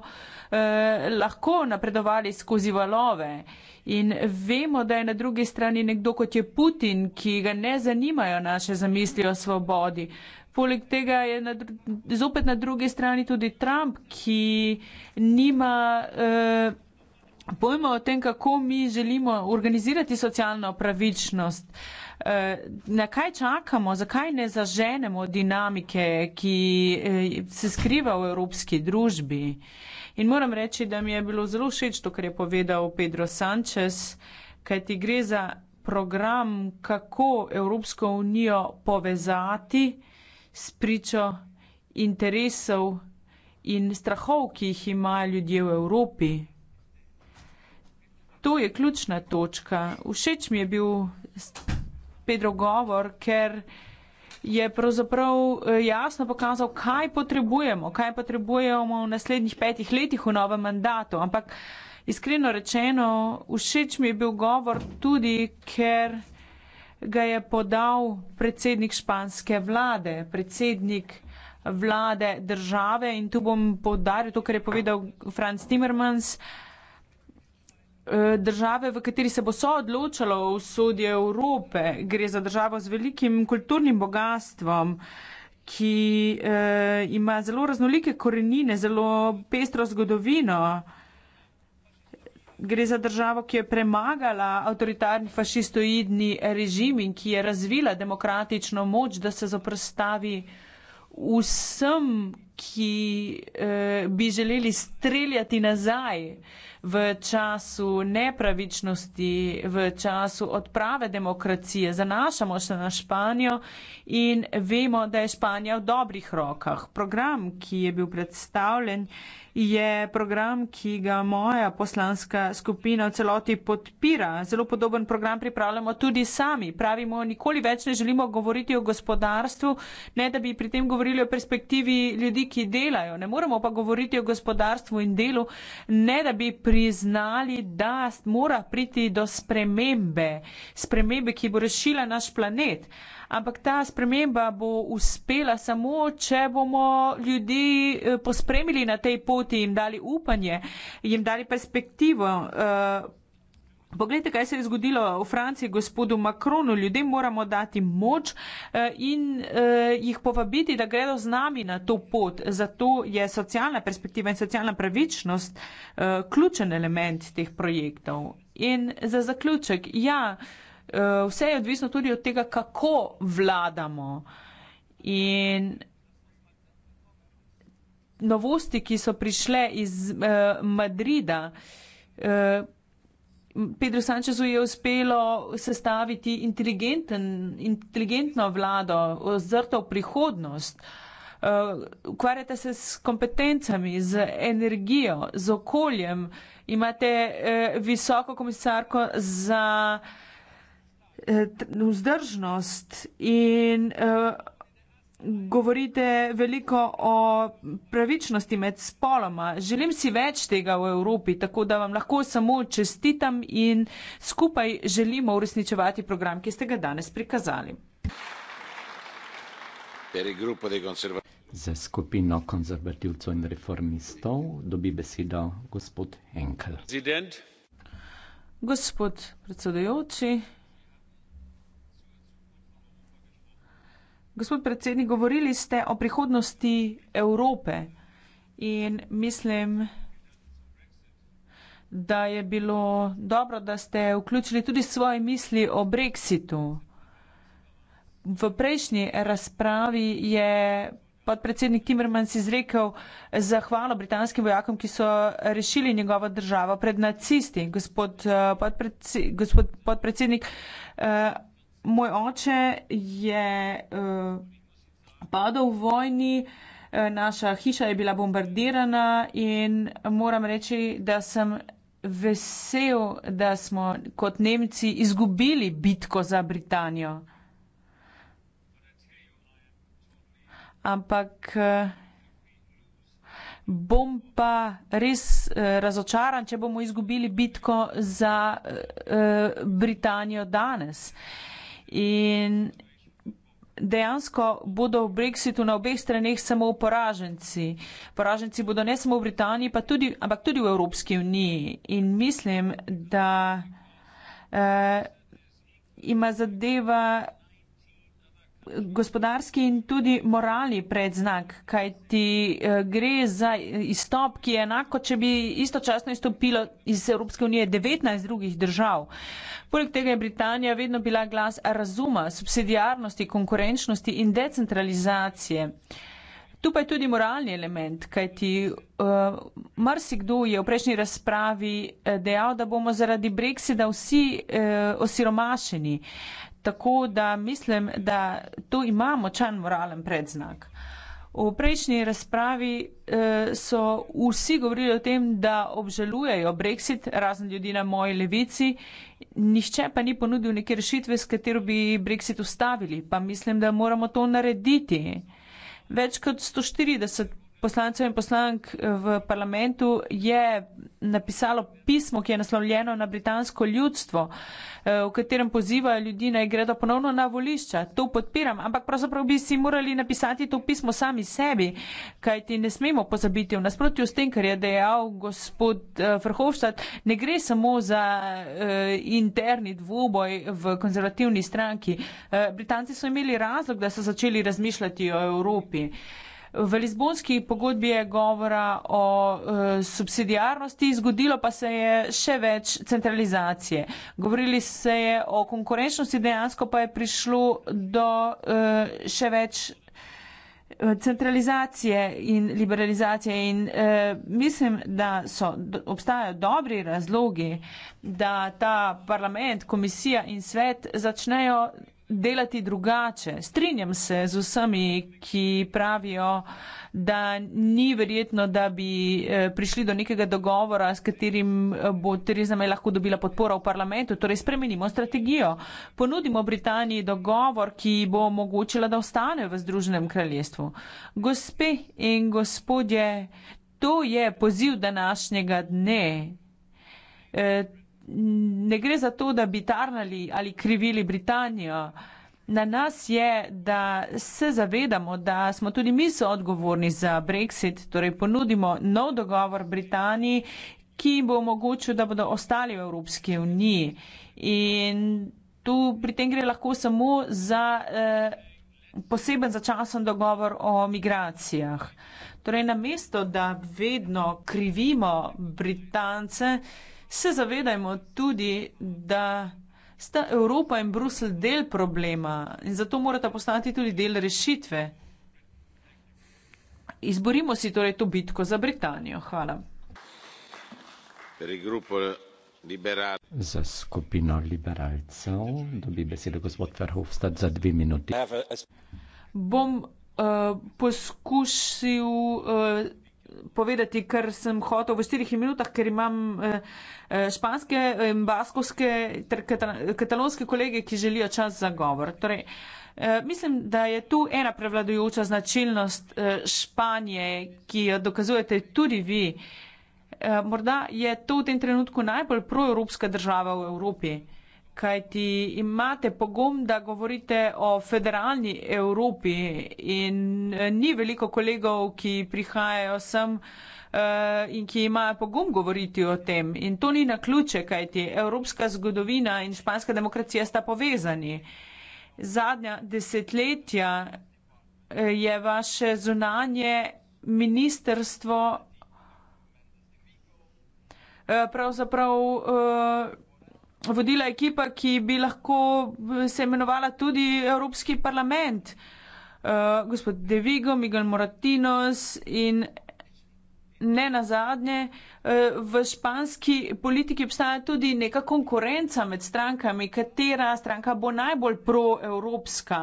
eh, lahko napredovali skozi valove. In vemo, da je na drugi strani nekdo kot je Putin, ki ga ne zanimajo naše zamisli o svobodi. Poleg tega je na dru, zopet na drugi strani tudi Trump, ki nima eh, pojma o tem, kako mi želimo organizirati socialno pravičnost. Eh, Eh, na kaj čakamo, zakaj ne zaženemo dinamike, ki eh, se skriva v evropski družbi. In moram reči, da mi je bilo zelo všeč to, kar je povedal Pedro Sanchez, kaj ti gre za program, kako Evropsko unijo povezati s pričo interesov in strahov, ki jih imajo ljudje v Evropi. To je ključna točka. Všeč mi je bil. Pedro govor, ker je pravzaprav eh, jasno pokazal, kaj potrebujemo, kaj potrebujemo v naslednjih petih letih v novem mandatu. Ampak iskreno rečeno, všeč mi je bil govor tudi, ker ga je podal predsednik španske vlade, predsednik vlade države in tu bom podaril to, kar je povedal Franz Timmermans. Eh, države, v kateri se bo soodločalo v sodje Evrope. Gre za državo z velikim kulturnim bogatstvom, ki eh, ima zelo raznolike korenine, zelo pestro zgodovino. Gre za državo, ki je premagala avtoritarni fašistoidni režim in ki je razvila demokratično moč, da se zoprstavi eh, vsem, ki eh, bi želeli streljati nazaj v času nepravičnosti, v času odprave demokracije. Zanašamo se na Španijo in vemo, da je Španija v dobrih rokah. Program, ki je bil predstavljen, eh, je program, ki ga moja poslanska skupina v celoti podpira. Zelo podoben program pripravljamo tudi sami. Pravimo, nikoli več ne želimo govoriti o gospodarstvu, ne da bi pri tem govorili o perspektivi ljudi, ki delajo. Ne moramo pa govoriti o gospodarstvu in delu, ne da bi priznali, da mora priti do spremembe, spremembe, ki bo rešila naš planet ampak ta sprememba bo uspela samo, če bomo ljudi eh, pospremili na tej poti, jim dali upanje, jim dali perspektivo. Eh, poglejte, kaj se je zgodilo v Franciji gospodu Macronu. Ljudem moramo dati moč eh, in jih povabiti, da gredo z nami na to pot. Zato je socialna perspektiva in socialna pravičnost ključen element teh projektov. In za zaključek, ja. Eh, vse je odvisno tudi od tega, kako vladamo. In novosti, ki so prišle iz uh, Madrida, uh, Pedro Sančezu je uspelo sestaviti inteligentno vlado, ozrto v prihodnost. Uh, ukvarjate se s kompetencami, z energijo, z okoljem. Imate uh, visoko komisarko za uh, Eh, vzdržnost in eh, govorite veliko o pravičnosti med spoloma. Želim si več tega v Evropi, tako da vam lahko samo čestitam in skupaj želimo uresničevati program, ki ste ga danes prikazali. Za skupino konzervativcev in reformistov dobi besedo gospod Enkel. Gospod predsedujoči, Gospod predsednik, govorili ste o prihodnosti Evrope in mislim, da je bilo dobro, da ste vključili tudi svoje misli o Brexitu. V prejšnji razpravi je podpredsednik Timmermans izrekel zahvalo britanskim vojakom, ki so rešili njegovo državo pred nacisti. Gospod, eh, podpredsednik, gospod podpredsednik, eh, Moj oče je uh, padel v vojni, eh, naša hiša je bila bombardirana in moram reči, da sem vesel, da smo kot Nemci izgubili bitko za Britanijo. Ampak eh, bom pa res eh, razočaran, če bomo izgubili bitko za eh, Britanijo danes. Eh, in dejansko bodo v Brexitu na obeh straneh samo poraženci. Poraženci bodo ne samo v Britaniji, pa tudi, ampak tudi v Evropski uniji. In mislim, da eh, ima zadeva gospodarski in tudi morali predznak, kaj ti eh, gre za izstop, ki je enako, če bi istočasno izstopilo iz Evropske unije 19 drugih držav. Poleg tega je Britanija vedno bila glas razuma, subsidijarnosti, konkurenčnosti in decentralizacije. Tu pa je tudi moralni element, kaj ti uh, eh, marsikdo je v prejšnji razpravi eh, dejal, da bomo zaradi Brexita vsi uh, osiromašeni tako da mislim, da to ima močan moralen predznak. V prejšnji razpravi eh, so vsi govorili o tem, da obžalujejo brexit, razen ljudi na moji levici, nišče pa ni ponudil neke rešitve, s katero bi brexit ustavili, pa mislim, da moramo to narediti. Več kot 140 poslancev in poslank eh, v parlamentu je napisalo pismo, ki je naslovljeno na britansko ljudstvo, eh, v katerem poziva ljudi naj gredo ponovno na volišča. To podpiram, ampak pravzaprav bi si morali napisati to pismo sami sebi, kajti ne smemo pozabiti v nasprotju s tem, kar je dejal gospod Frhovštad, eh, ne gre samo za interni dvoboj v konzervativni stranki. Britanci so imeli razlog, da so začeli razmišljati o Evropi. V Lizbonski pogodbi je govora o e, subsidijarnosti, zgodilo pa se je še več centralizacije. Govorili se je o konkurenčnosti, dejansko pa je prišlo do e, še več e, centralizacije in liberalizacije in eh, mislim, da so, obstajajo dobri razlogi, da ta parlament, komisija in svet začnejo delati drugače. Strinjam se z vsemi, ki pravijo, da ni verjetno, da bi eh, prišli do nekega dogovora, s katerim eh, bo Tereza May lahko dobila podporo v parlamentu. Torej, spremenimo strategijo. Ponudimo Britaniji dogovor, ki bo omogočila, da ostane v Združenem kraljestvu. Gospe in gospodje, to je poziv današnjega dne. E, ne gre za to, da bi tarnali ali krivili Britanijo. Na nas je, da se zavedamo, da smo tudi mi soodgovorni za Brexit, torej ponudimo nov dogovor Britaniji, ki bo omogočil, da bodo ostali v Evropski uniji. In tu pri tem gre lahko samo za eh, poseben začasen dogovor o migracijah. Torej, namesto da vedno krivimo Britance, eh, se zavedajmo tudi, da sta Evropa in Bruselj del problema in zato morata postati tudi del rešitve. Izborimo si torej to bitko za Britanijo. Hvala. Za skupino liberalcev dobi besedo gospod Verhofstadt za dve minuti. Bom uh, eh, poskusil uh, eh, povedati, kar sem hotel v štirih minutah, ker imam eh, eh, španske, eh, baskovske ter katalonske kolege, ki želijo čas za govor. Torej, mislim, da je tu ena prevladujoča značilnost Španije, ki jo dokazujete tudi vi. Morda je to v tem trenutku najbolj proevropska država v Evropi kajti imate pogum, da govorite o federalni Evropi in eh, ni veliko kolegov, ki prihajajo sem eh, in ki imajo pogum govoriti o tem. In to ni na ključe, kajti evropska zgodovina in španska demokracija sta povezani. Zadnja desetletja eh, je vaše zunanje ministerstvo pravzaprav vodila ekipa, ki bi lahko eh, se imenovala tudi Evropski parlament. Uh, gospod Devigo, Miguel Moratinos in ne na zadnje, uh, eh, v španski politiki obstaja tudi neka konkurenca med strankami, katera stranka bo najbolj proevropska.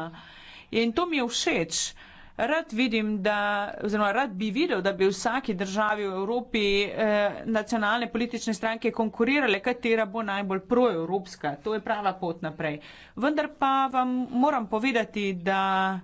In to mi je všeč. Uh, rad vidim, da, oziroma rad bi videl, da bi v vsaki državi v Evropi eh, nacionalne politične stranke konkurirale, katera bo najbolj proevropska. To je prava pot naprej. Vendar pa vam moram povedati, da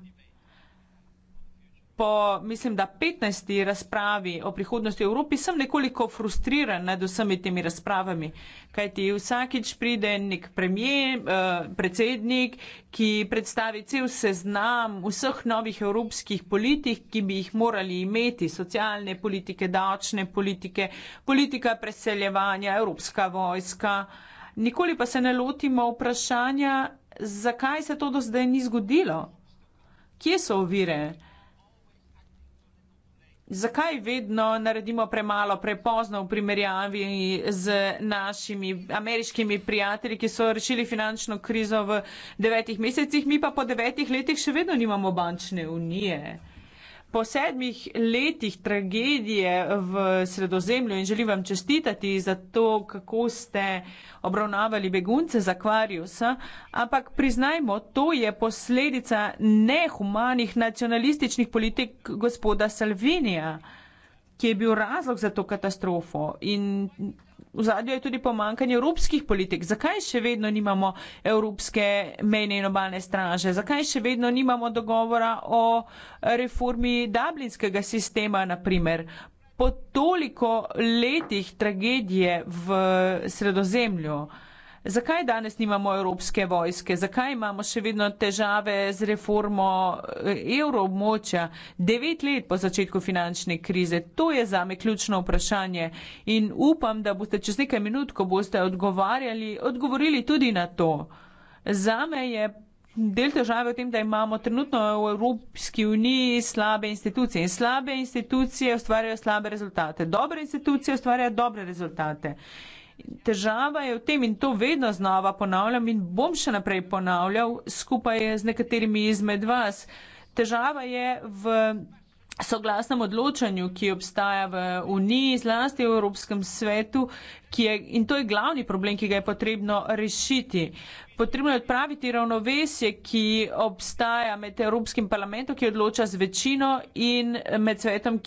Po, mislim, da 15. razpravi o prihodnosti v Evropi sem nekoliko frustriran nad vsemi temi razpravami, kajti vsakič pride nek premijer, eh, predsednik, ki predstavi cel seznam vseh novih evropskih politik, ki bi jih morali imeti, socialne politike, davčne politike, politika preseljevanja, evropska vojska. Nikoli pa se ne lotimo vprašanja, zakaj se to do zdaj ni zgodilo, kje so ovire. Zakaj vedno naredimo premalo prepozno v primerjavi z našimi ameriškimi prijatelji, ki so rešili finančno krizo v devetih mesecih, mi pa po devetih letih še vedno nimamo bančne unije? Po sedmih letih tragedije v sredozemlju in želim vam čestitati za to, kako ste obravnavali begunce z akvariusa, ampak priznajmo, to je posledica nehumanih nacionalističnih politik gospoda Salvinija, ki je bil razlog za to katastrofo in v zadju je tudi pomankanje evropskih politik. Zakaj še vedno nimamo evropske mejne in obalne straže? Zakaj še vedno nimamo dogovora o reformi dublinskega sistema, naprimer? Po toliko letih tragedije v sredozemlju, Zakaj danes nimamo evropske vojske, zakaj imamo še vedno težave z reformo eh, evroobmočja? Devet let po začetku finančne krize, to je za me ključno vprašanje in upam, da boste čez nekaj minut, ko boste odgovarjali, odgovorili tudi na to. Za me je del težave v tem, da imamo trenutno v Evropski uniji slabe institucije in slabe institucije ustvarjajo slabe rezultate. Dobre institucije ustvarjajo dobre rezultate. Težava je v tem in to vedno znova ponavljam in bom še naprej ponavljal skupaj z nekaterimi izmed vas. Težava je v soglasnem odločanju, ki obstaja v Uniji, zlasti v Evropskem svetu, ki je, in to je glavni problem, ki ga je potrebno rešiti. Potrebno je odpraviti ravnovesje, ki obstaja med Evropskim parlamentom, ki odloča z večino in med svetom, ki.